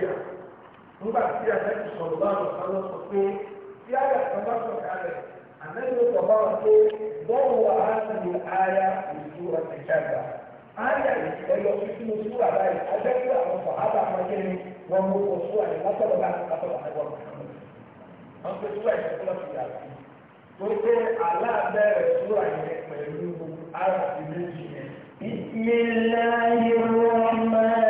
ìyá nígbà tí àtẹ́kù sọ̀rọ̀ bá lọ sọ́lọ́ sọ pé tí àyà kan bá sọ̀ kalẹ̀ àmẹ́lò sọ bá wọn pé bọ́ọ̀lù wà á ti lo aya ìlú ọ̀sẹ̀ jágbà aya ìfẹ́yọ sínú súra báyìí ajẹ́kù àwọn sọ̀ ábà kan kí ni wọ́n mú kó súra yìí látọ̀dọ̀ bá látọ̀dọ̀ àtẹ́wọ̀n kan pé súra ìfẹ́kọ́lọ́ ti yà sí torí pé aláàbẹ̀rẹ̀ súra yẹn pẹ̀lú ara ìmẹ́jì yẹn. Bismillahirrahmanirrahim.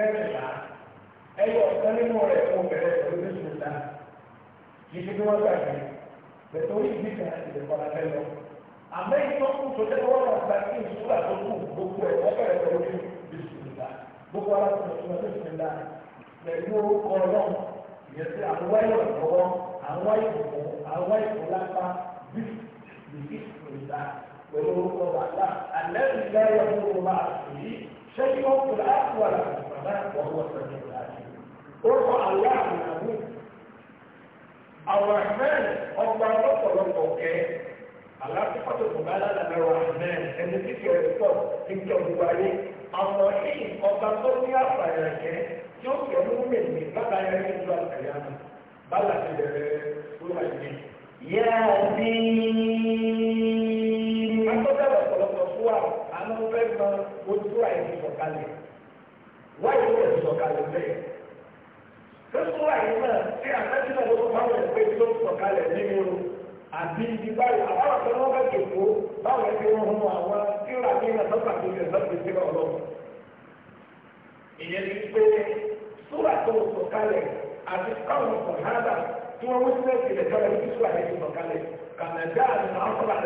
mẹ́rìnlá ẹyọ ọ̀sán nínú rẹ̀ kó bẹ̀rẹ̀ pẹ̀lú méjì ta yìí ti wọ́n gbàgbé bẹ̀tẹ̀ orí ìdí kan àti ìdẹ̀kọ́ la fẹ́ lọ. àmọ́ ìtọ́kù tó tẹ́ wọ́n lọ gba kí ìṣúra tó kù gbogbo ẹ̀ wọ́n bẹ̀rẹ̀ pẹ̀lú méjì ta gbogbo ara tó tún ọdún méjì ta pẹ̀lú orúkọ náà yẹ sí àwọn ẹ̀yọ̀ lọ́wọ́ àwọn ìbùkún الله وهو السميع العليم قرأ الله من أبوك الرحمن الله رب رب أوكي الله صفته مبالغة من الرحمن أن تكي رسول إن كبوالي الرحيم الله صفته يا فريك يوم يوم من بابا يريد القيامة بلا تدري سورة الجن ياسين أنت تدري صلى الله عليه وسلم أنا أفهم وجوع في wáyé ló ń sọ̀kalẹ̀ bẹ́ẹ̀. Fẹ́sùn wáyé náà tí àtẹ́jú náà ló sọ fáwọn ẹ̀ pé ló ń sọ̀kalẹ̀ nínú àbí ibi báyìí àbáwọ̀ tó wọ́n bẹ̀ jòkó báwọn ẹ̀ ti wọ́n hun àwọn tí ó rà ní ìlànà sọ́kà tó yẹ lọ́sẹ̀ sí ọ̀rọ̀. Ìyẹn ni pé súrà tó ń sọ̀kalẹ̀ àti káwọn sọ̀hádà tí wọ́n wọ́n sílẹ̀ sílẹ̀ kọ́lẹ̀ ní súrà yẹn ti sọ̀kalẹ̀ kànájà àti àwọn sọ̀rọ̀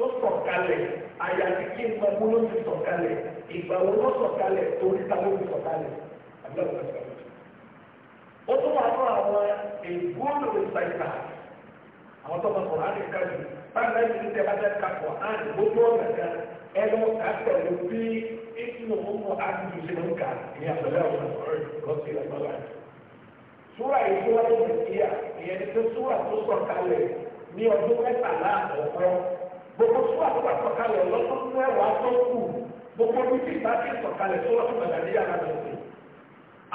tó sọ̀kalẹ̀ àyàfi kí n máa gbóná ti sọ̀kalẹ̀ ìgbà wo ló sọ̀kalẹ̀ torí ta ló ti sọ̀kalẹ̀ àbúrò sọ̀kalẹ̀. ó tún wà fún àwọn ègbóòlò ìsàìsà àwọn tó máa sọ̀rọ̀ àti kájú báyìí láti tẹ bá dáka pọ̀ á ní gbogbo ọ̀nà kan ẹ lọ ká pẹ̀lú bí ìtumọ̀ ọmọ àdúgbò ṣe máa ń kà ní àbẹ̀lẹ̀ ọ̀nà ọ̀rẹ́ gọ́sì lọ́gbọ́lá. súrà ìṣúwájú ìṣíà ìyẹn ti súrà tó sọ̀kalẹ̀ ní ọdún mẹ́tàlá àkọ́kọ́ gbogbo tó àtúbà sọ̀kalẹ̀ lọ́dún mẹ́wàá tó kù gbogbo bí bí ìbá ti sọ̀kalẹ̀ tó lọ́dún mẹ́tàlẹ́ yàrá lọ sí.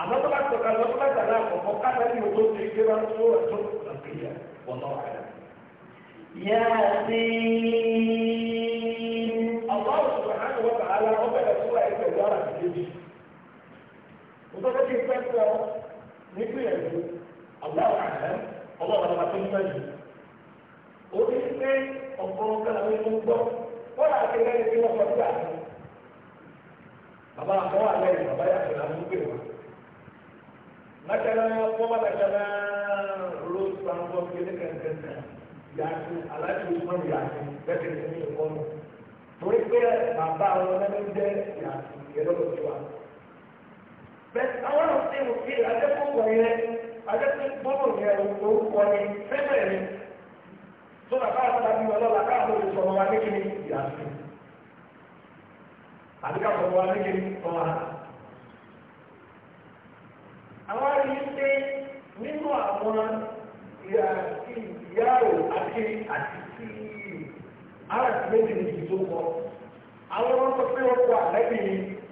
àmọ́ tó bá sọ̀kalẹ̀ lọ́dún mẹ́tàlẹ́ àkọ́kọ́ káfẹ́ ní ojú ti gbé bá tó ẹ̀tọ́ nàìjíríà wọ́n náà kàdà. Yàtín. Àwọn òṣùwọ̀n àti wọ́n bàá la ọbẹ̀ rẹ̀ tó wáyé pẹ̀lú ara ìdíje. Òtọ́jọ́ ti fẹ́ sọ nígbìyànjú, àbúrò àgbẹ̀, ọlọ́run ọ̀pọ̀lọpọ̀ kan àwọn ẹni gbọ́ wọ́n là ti rẹ́ni tí wọ́n sọ sí àná. bàbá àkọ́ wà lẹ́yìn bàbá yàtọ̀ làwọn ń pè wá. nàkàlà pọ́pá nàkàlà rose transport kéde kẹ̀kẹ́ yàtú aláṣẹ ìsúná yàtú bẹ́ẹ̀ ni mi kọ́ nù. torí pé bàbá àwọn ẹni jẹ́ yàtú yẹ́dọ́ lọ sí wa. bẹ́ẹ̀ ni fẹ́fẹ́ ni tó bàbá àtàlà bí wọn lọ́la káàkiri lè sọ̀rọ̀ wa ní kíni ìyá sí i àbí ká sọ̀rọ̀ wa ní kíni ọ̀la. àwọn àyè ṣe nínú àwọn ìyá ìyáwó àti àti sí ara ti méjì ní ìdó kọ àwọn ọmọ tó fẹ́ wọn kọ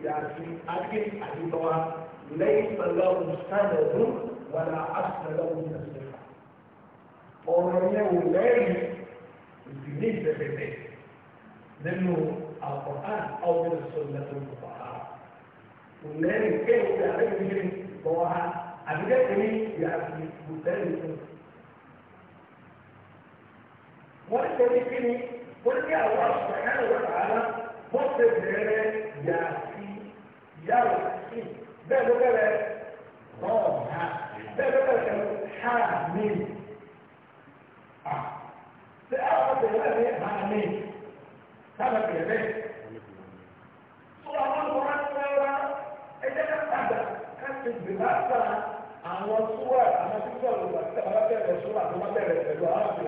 ìyá sí àti àti lọ́wọ́ lẹ́yìn pẹ̀lú ọ̀hún sáà wọn là á sọ̀rọ̀ lọ́wọ́ ìyá sí ọ̀rọ̀ yẹn ò lẹ́yìn òsì ní ìfẹ̀fẹ̀fẹ̀ nínú àkọ́hán ọ̀gbìn sọ̀rọ̀ tó ń bọ̀ ha ò lẹ́yìn kéwòn tí a lè fi ní bọ̀ ha àbíkẹ́ kìíní yà á fi kò lẹ́yìn fún wọ́n ṣe ní kíni wọ́n ní àwọn àṣàyàn ìwé àárá wọ́n ṣe bẹ̀rẹ̀ yà á fi yà bẹ́ẹ̀ ló bẹ̀rẹ̀ bọ̀ ha bẹ́ẹ̀ ló bẹ̀rẹ̀ ha mi sai a wata da ne ba ne kada ke ne sura ko ran tsara idan ka tada kan tin da ta àwọn súwà àwọn sísọ ìgbà tí a bá bẹ̀rẹ̀ súwà náà wọ́n bẹ̀rẹ̀ pẹ̀lú àwọn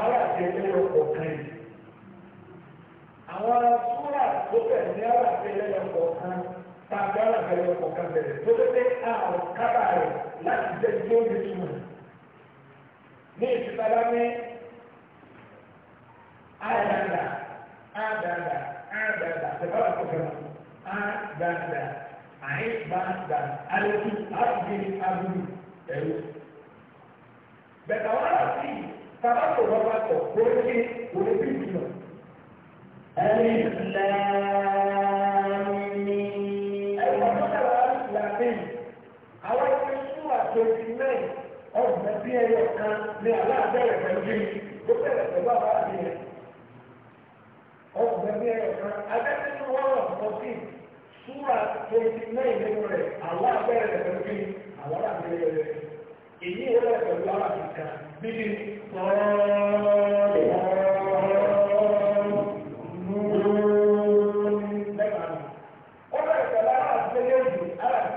aráàlú ẹgbẹ́ ọkọ̀ kan yìí àwọn súrà tó bẹ̀rẹ̀ ní àlàfẹ́lẹ́ ọkọ̀ kan tàbí àlàfẹ́lẹ́ ọkọ̀ kan bẹ̀rẹ̀ tó tó pé àwọn kábà rẹ̀ láti jẹ́ tí ó lè túmọ̀. ní ìsìtàlá ní àdàdà àdàdà àdàdà tẹ̀bára tó bẹ̀rẹ̀ àdàdà àìbàdà àlejò àgbè àbúrò ẹ̀rú. bẹ̀tà wọn àti tàbátò wọn bá tọ̀ kó ní orí bí ìtumọ̀ ọ̀gbọ̀n bí ẹyọ kan ní aláàbẹ̀rẹ̀ pẹ̀lú bí ó bẹ̀rẹ̀ pẹ̀lú àwọn àbíyẹ. ọ̀gbọ̀n bí ẹyọ kan adẹ́sínú wọ́rọ̀ fourteen súra twenty nine nínú rẹ̀ aláàbẹ̀rẹ̀ pẹ̀lú bí àwọn àbíyẹ rẹ̀. èyí ìrẹ̀ pẹ̀lú àwọn àbíyẹ kan bíbí tọ́ọ̀ọ́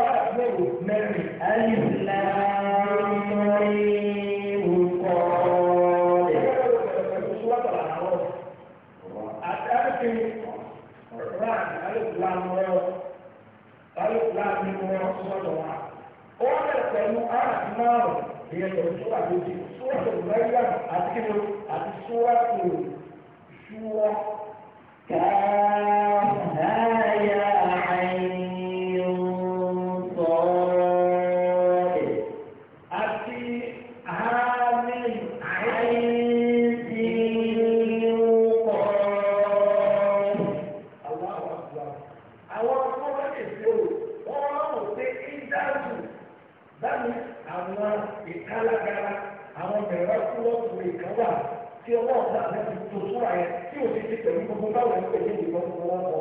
àgbẹ̀wò mẹ́rin. Alìsíláàmù kọ́ ẹ̀. Àtàkì Ràn alìsíláàmù rẹ̀ alìsíláàmù rẹ̀ sọ̀rọ̀ wa. Ó bẹ̀rẹ̀ pẹ̀lú àrùn márùn-ún ìyẹn lọ́dún tó wà lójú. Súwọ́sì Mẹ́ríàm àti kíni àti ṣúwọ́ kàá. gbogbo báwọn ń pèlè ìlú ọkọ̀ wọn kọ.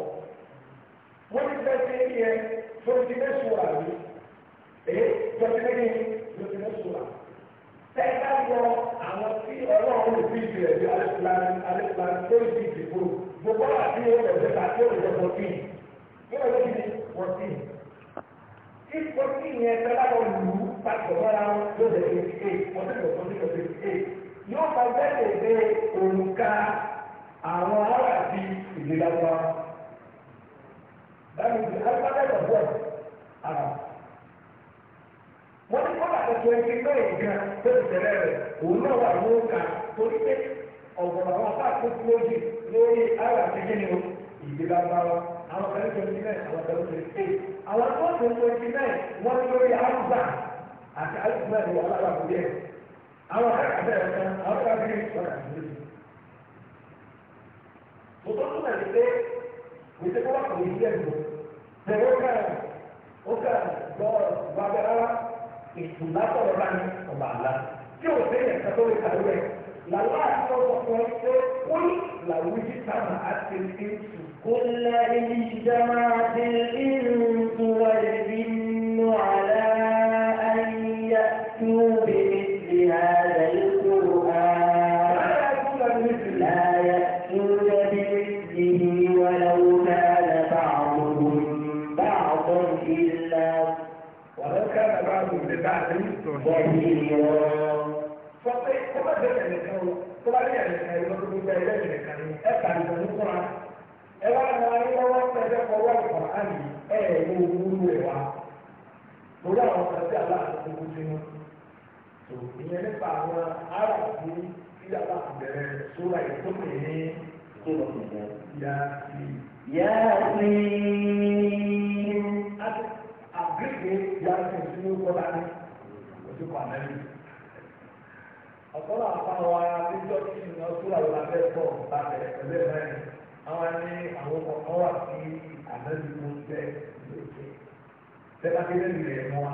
wọ́n ti fẹ́ sí ẹni yẹn tó ti fẹ́ sùúrà mi èyí tó ti fẹ́ yẹn tó ti fẹ́ sùúrà. ẹ bá wọ àwọn tí ọlọ́run lè fi ìdí rẹ̀ bí alẹ́kùnrin tó lè fi ìdìbò gbogbo àti ẹ̀rọ ìjọba tó lè jọ fọ́tì yóò lè fi fọ́tì. tí fọ́tì yẹn tẹ́ bá lọ lù ú pàtó mọ́ra ló lè fi ké fọ́tì lọ fọ́tì lọ fi ké yóò fà bẹ́ẹ̀ lè dé òǹkà àwọn ará àti ìlera wa láti fi alifábẹ́tì ọ̀bọ̀ àrà. wọ́n ní kọ́lá tó twenty nine gan tó ti tẹ̀lé rẹ̀ òun náà wà ní òǹkà torí pé ọ̀gbọ̀n àwọn apáàkó lóye lórí ará àti kíni o ìlera wa àwọn kan twenty nine àwọn kan twenty eight àwọn tó tó twenty nine wọ́n ní lórí arúgbà àti arúgbà ni wọ́n Nosotros en el té, me tengo la diciendo, pero otra, otra, va a haber y su lazo de baño, o va a Yo sé, está todo el calor. La lazo fuerte, hoy, la wiki sama, hace el insu. كل إجتمعت الإنس والإنس للناس ولو كان بعضهم لبعض ظهيرا فقط كما ذكر الكون كما ذكر الكون يقول لا اله الا الله اتى من القران ẹwà náà ní ọwọ́ pẹ̀lẹ́ ọwọ́ ìkọ̀ránì ẹ̀ ló wúlò ẹ̀ wá lórí àwọn ọ̀sán tí aláàbò tó kú sínú tó ìyẹn nípa àwọn ará òkú tí aláàbò bẹ̀rẹ̀ sóra ìtòkè ní kílọ̀ ìyá sí. yá sí. a ti àgbègbè yàtọ̀ sí kọ́lá ní ojú kan náà ní. ọ̀pọ̀lọpọ̀ àpáwọ̀ abíjọ́ tí ìná súra ló la bẹ́ẹ̀ pọ̀ lábẹ́ ẹgbẹ́ mẹ́rin àwọn ní àwọn kọ̀ọ̀kan wà sí àmẹ́lùmọ́ bẹ́ lóde tẹ́lákẹ́lẹ́ lè mọ́ wa.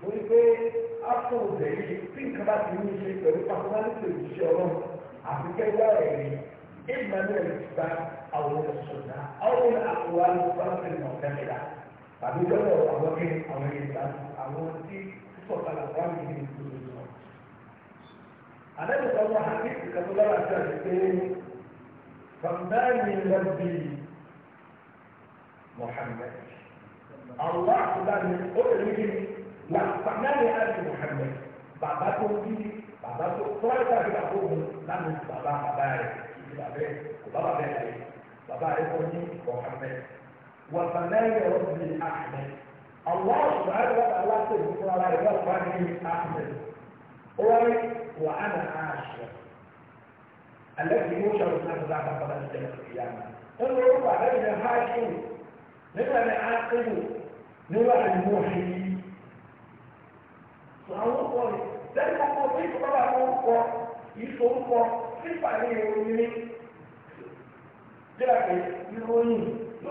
torí pé ápùn òbẹ̀ yìí tí nǹkan bá ti ní ṣe pẹ̀lú pàṣẹwálẹ́sì òṣìṣẹ́ ọlọ́run àfikẹ́ wá ẹ̀rí emmanuel gba àwọn ọ̀ṣọ́dá àwọn àkùwá ló bá ń pè tàbí lọ́wọ́ àwọn kí àwọn ìgbà àwọn tí sọ̀kalà wà ní ìlú ìlú sọ. Àlẹ́bùsọ̀ wọn àti ìkàtúndà àti àdìpé Bàbáyé lọ́bì Mùhàmmad. Àwọn àkùdá ni ó lè rí Làtàmẹ́lì àti Mùhàmmad. Bàbá tó bí bàbá tó tọ́lá àti bàbá òun lánàá bàbá bàbá rẹ̀ kì bàbá rẹ̀ kò bá bàbá rẹ̀ bàbá rẹ̀ kọ́ ní Mùhàmmad. وثنايا ربي أحمد الله سبحانه وتعالى سيقول على ربي أحمد وأنا عاشر الذي يوشر الناس بعد قبل يوم القيامة انظروا بعدين الحاكم نبقى نعاقل نبقى الموحي سأقول قولي لأنه قضيت طبعا أقوى يسوق فífà ní ìròyìn ní bí a kè ìròyìn ló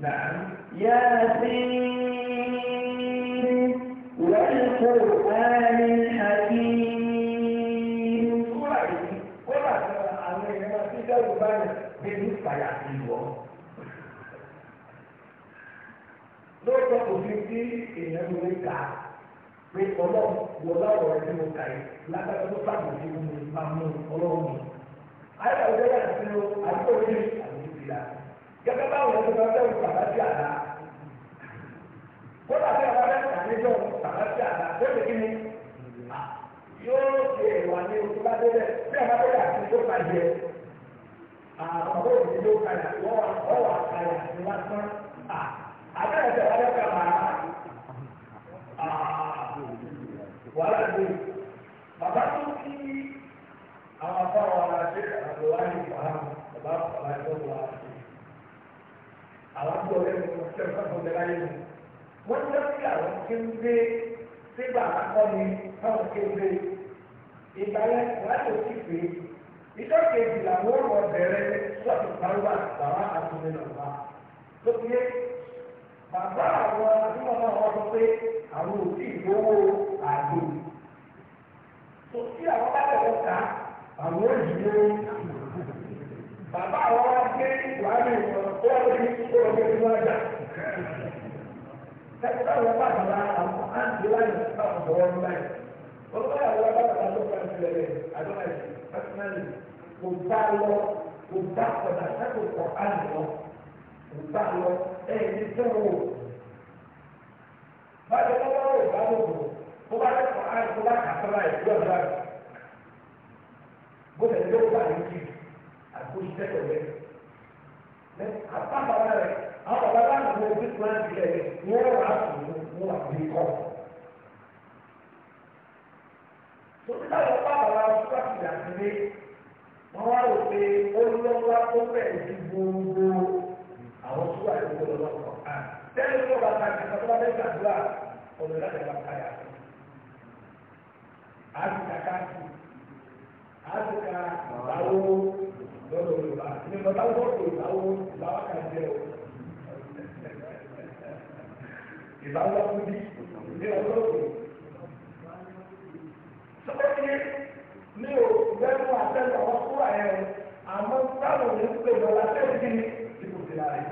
نعم ياسين والقرآن الحكيم ولا ترى علينا في جوبنا بالنسبة يعطيه lóòótọ́ kò fi sí èèyàn ló ń kà á pé ọlọ́run wò láwọ̀ rẹ̀ tí mo kà gẹ́gẹ́ báwọn ẹni tó fẹ́ wù bàbá sí àná kódà bí ọba bẹ́ẹ̀ kà ní jọ bàbá sí àná tó lè kí ni yóò ṣe ìwà ní oṣù bá délẹ̀ bí ọba bẹ́ẹ̀ àti tó bá yẹ àwọn ọ̀rọ̀ òní ló kalẹ̀ ọwọ́ àkàlẹ̀ àti lásán àbẹ́rẹ́ tẹ̀ wọ́n bẹ́ẹ̀ máa wàhálà dé bàbá tó kí àwọn afọ àwọn ará ṣe àbẹ̀wò àyè bàbá bàbá bàbá ìjọba àwọn tó ọ̀rẹ́ mi wọ́n tẹ̀ fún ọ̀gbẹ́ láyé mi. wọ́n ti lọ́ọ́ sí àwọn tí ń gbé sígbà àkọ́kọ́ ni táwọn tí ń gbé ìgbàlẹ̀ láti òsì pé ìjọ kejì làwọn ọ̀rọ̀ bẹ̀rẹ̀ sọ́ọ̀tì pàrọ̀wà bàbá àtúndé nàbà lókè bàbá àwọn àdúgbò náà wọ́n sọ pé àwọn òbí ìlówó àdó. tòsí àwọn bá tẹ̀wọ́ àwọn òyìnbó àmọ̀ bàbá àwọn wá gbé wàhálà ìwọ̀n kó o ní kó o ní ìwọ̀n ọjà. ẹgbẹ́ àwọn bá bàbá àwọn àǹtí láyé bá wọn bọ̀ wọn láyé. wọ́n bá àwọn bá bàbá tó kàn sí ẹ̀rẹ́ àdúrà pásítánì kò bá lọ kò bá ọ̀dà sẹ́kọ̀ọ́ kọ̀ á lọ kò bá lọ ẹ̀ ní sẹ́wọ̀. báyọ̀ bá wọ́n wò bá wọ́n kó bá lọ kọ̀ á kó bá kà àkóṣiṣẹ́ pẹ̀lú ẹ̀ àtàkàrà rẹ̀ àwọn bàbá bá àwọn ojú kan tilẹ̀ wọ́n wà á sùn wọ́n wà bí kọ́. Sọ́dún táwọn bàbá wa fún àtìlẹ̀ àtìlẹ̀ wọ́n wá rò pé ó lọ́wọ́ tó bẹ̀rẹ̀ sí gbogbo àwọn tó wà lóko lọ́wọ́ kan. Tẹ́lẹ̀ tó bá ta kàkà tó bá fẹ́ gbàdúrà ọ̀dọ̀ láti bá káyà. Àti kàkà àti kàkà báwo lọ́dọ̀ Yorùbá ní ọ̀tá wọ́pọ̀ ìbáwó ìbáwá kan jẹ́ o ìbáwá kú bí ní ọjọ́ òkú. sọ́kọ́tì ní o lẹ́nu àtẹ́nu àwọn kúrò ẹ̀ àmọ́ táwọn ò ní pè lọ́la tẹ́lẹ̀ kí ni ìbùdó la rẹ̀.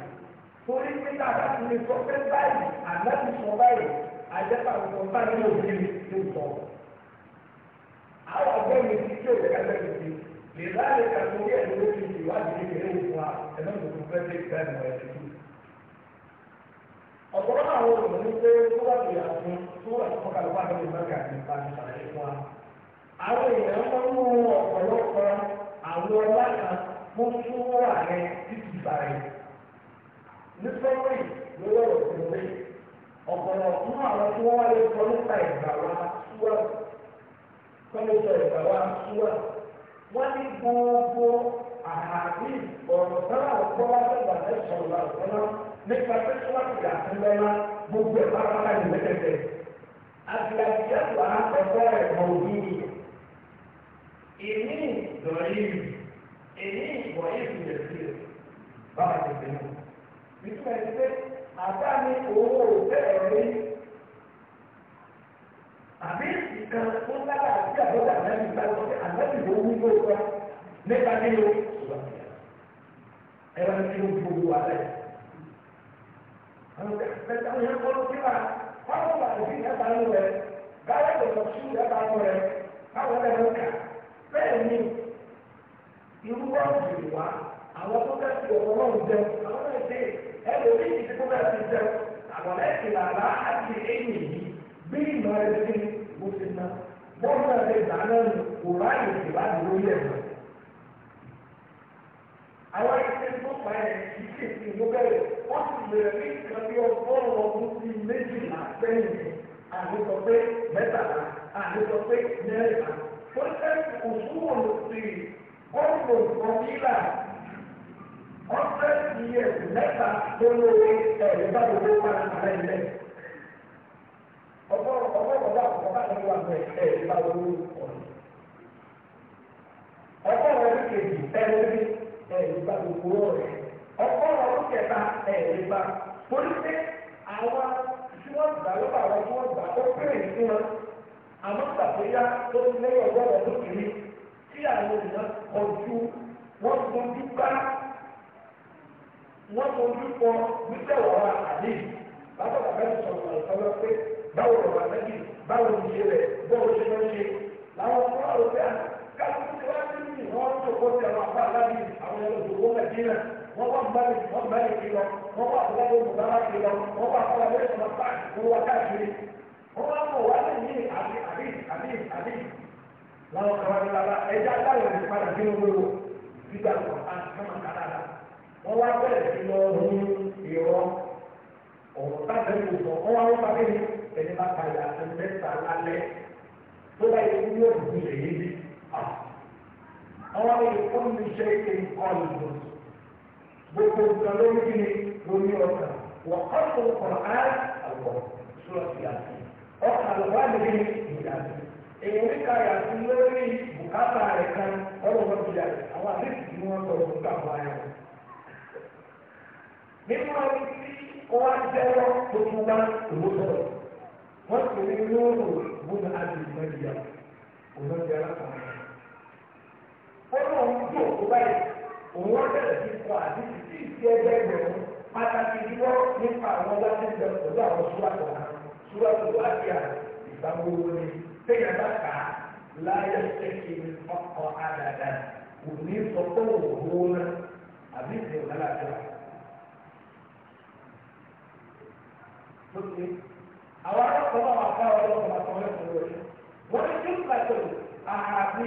torí pé tàbá ti lè sọ pé báyìí àná ti sọ báyìí àjẹpà ń sọ báyìí ní òkè ní ìsọ̀. àwọn ọgbẹ́ mi ti tí ò لذلك المذيع الوجهي في ndị كريمها تمام القرآن هو من سورة ياسين سورة فقط الواحد من مرجع من قام شرعيها àwọn èèyàn máa ń mú wọ́n ní gbogbo àhàbí ọ̀rọ̀ sára ọ̀pọ̀ láti gbàgbé sọ̀rọ̀ àgbọ̀nà nípa sẹ́kọ̀lá ti dà sí lọ́la gbogbo ẹ̀ bá bàbá yìí lẹ́tẹ̀tẹ̀. àgbàdìyà wà á ẹ̀fọ́ rẹ̀ mọ̀ òbí yìí. èmi lọ́rí èmi ìwọ̀ èmi lè fi rẹ̀ báwa ti bẹ̀ mọ́. nítorí pé àbá mi owó bẹ́ẹ̀ rí àbí ìkan fún lára àti àbọ̀dà náà ìbò wúgbó wa nípa kí ló sùgbà ẹ wá kí ló gbogbo wa lẹ. àwọn ìgbà wọn yẹn kọ́ ló kí wa káwọn wà ní ìyàtà ló rẹ gáyà lọ sọ sí ìyàtà ló rẹ káwọn lẹ lọ kà bẹ́ẹ̀ ni irú wọn jù wá àwọn tó bẹ́ẹ̀ fi ọ̀rọ̀ náà jẹun àwọn náà ṣe ẹ lè rí ìdí tó bẹ́ẹ̀ fi jẹun àwọn ẹ̀sìn làbá àti ẹ̀yìn yìí bí ìmọ̀ ẹ̀ bọ́ọ̀lù ẹ̀rẹ́ ìdáná kò ráyè ìwádìí lórí ẹ̀rọ. àwọn ẹgbẹ́ tó pa ẹ̀ kì í ṣe ti ìlú bẹ̀rẹ̀ ó sì lè rí nǹkan bí ọgọ́rùn-ún ọdún sí méjìlá sẹ́yìn àlùsọ pé mẹ́tàlá àlùsọ pé mẹ́rìnlá tó ń tẹ́ òṣùwọ̀n sí ọ̀pọ̀ ọ̀nìlà ọ̀sẹ̀ ìyẹn mẹ́ta tó lóore ẹ̀rí bá gbogbo pa àlẹ́ ilẹ̀ ọgbọ́n ọgbọ́n ọgbọ́n àkọ́kọ́ àti ìwà rẹ̀ ẹ̀ ìgbà lórí ọ̀rọ̀. ọgbọ́n ọdún kejì ẹ̀ẹ́dẹ́gbẹ́ ẹ̀ ìgbà gbogbo rẹ̀. ọgbọ́n ọdún kẹta ẹ̀ ìgbà polisi àwọn tí wọ́n gbà ló bá wọn tí wọ́n gbà ó péré sí wọn. àmọ́ gbàgbéyà tó ti lẹ́yìn ọgbọ́n ọdún kiri tí àwọn ènìyàn kọjú wọ́n fojú bá wọ́n fojú kọ gbígbẹ̀wọ̀ àlè bàbá bàbá ìsọ̀rọ̀ ìsọ̀rọ̀ pé báwo ọ̀rọ̀ àtẹ́kì báwo ní ṣe rẹ̀ bọ́ọ̀ ṣe ló ṣe làwọn tó wà lókè àná káàkiri tí wọ́n ti ní wọ́n tó kó ti àwọn apá aláàbí àwọn olùdókòwò nàìjíríà wọ́n wà mbàlẹ̀ wọ́n mbàlẹ̀ kí lọ wọ́n wà àbúrò mùbára kí lọ wọ́n wà àbúrò abẹ́rẹ́ sọ̀rọ̀ páàkì fún wa káàkiri wọ́n wà mọ̀ wá lè ní àbí àbí àbí àbí làwọn kan wà ní lala ẹja táwọn ti padà sí olówó gbígbà kọ̀ á kama wọ́n wá bẹ̀rẹ̀ sí lọ́ọ́ ẹni bá ka yà ẹni mẹ́ta lálẹ́ tó bá yẹ kí yóò dùn lè yé bi àwọn ẹni kọ́ mi ṣe é ń kọ́ ìlú gbogbo nǹkan ló ní kíni ló ní ọ̀kà wọ́n kọ́ tó kọ̀ á àgbọ̀ sọ́ọ́ sí àti ọ̀kà lọ́wọ́ àti kíni ìyá àti èyí ní ka yà sí lórí bùkátà rẹ̀ kan ọ̀rọ̀ wọn ti yà àwọn àdéhùn tí wọ́n sọ̀rọ̀ nípa àwọn ayọ̀ nínú ẹni tí wọ́n á jẹ́wọ́ gbogbo wa ìwé sọ̀rọ̀ wọ́n ti rí lóòrò múnà àti ìmọ̀lẹ́yà olóńgbé alákọ̀ọ́mọ́. ó lóun tó òkú báyìí òun wọ́n bẹ̀rẹ̀ sí kọ àti títí sí ẹgbẹ́gbẹ̀rún pàtàkì ìdíwọ́ nípa àwọn láti ń bẹ pẹ̀lú àwọn súwàtò kan súwàtò láti à ìgbàgbọ́wọ́ ni téèyàn bá kà á láyé ṣẹ́kì ọkọ̀ àdàdà kò sọ pé òwò náà àwọn akọ̀kọ̀ máa bá wọn lọ́wọ́ máa tọ́lé fún lórí wọ́n ní tí ìgbà tó àhàbí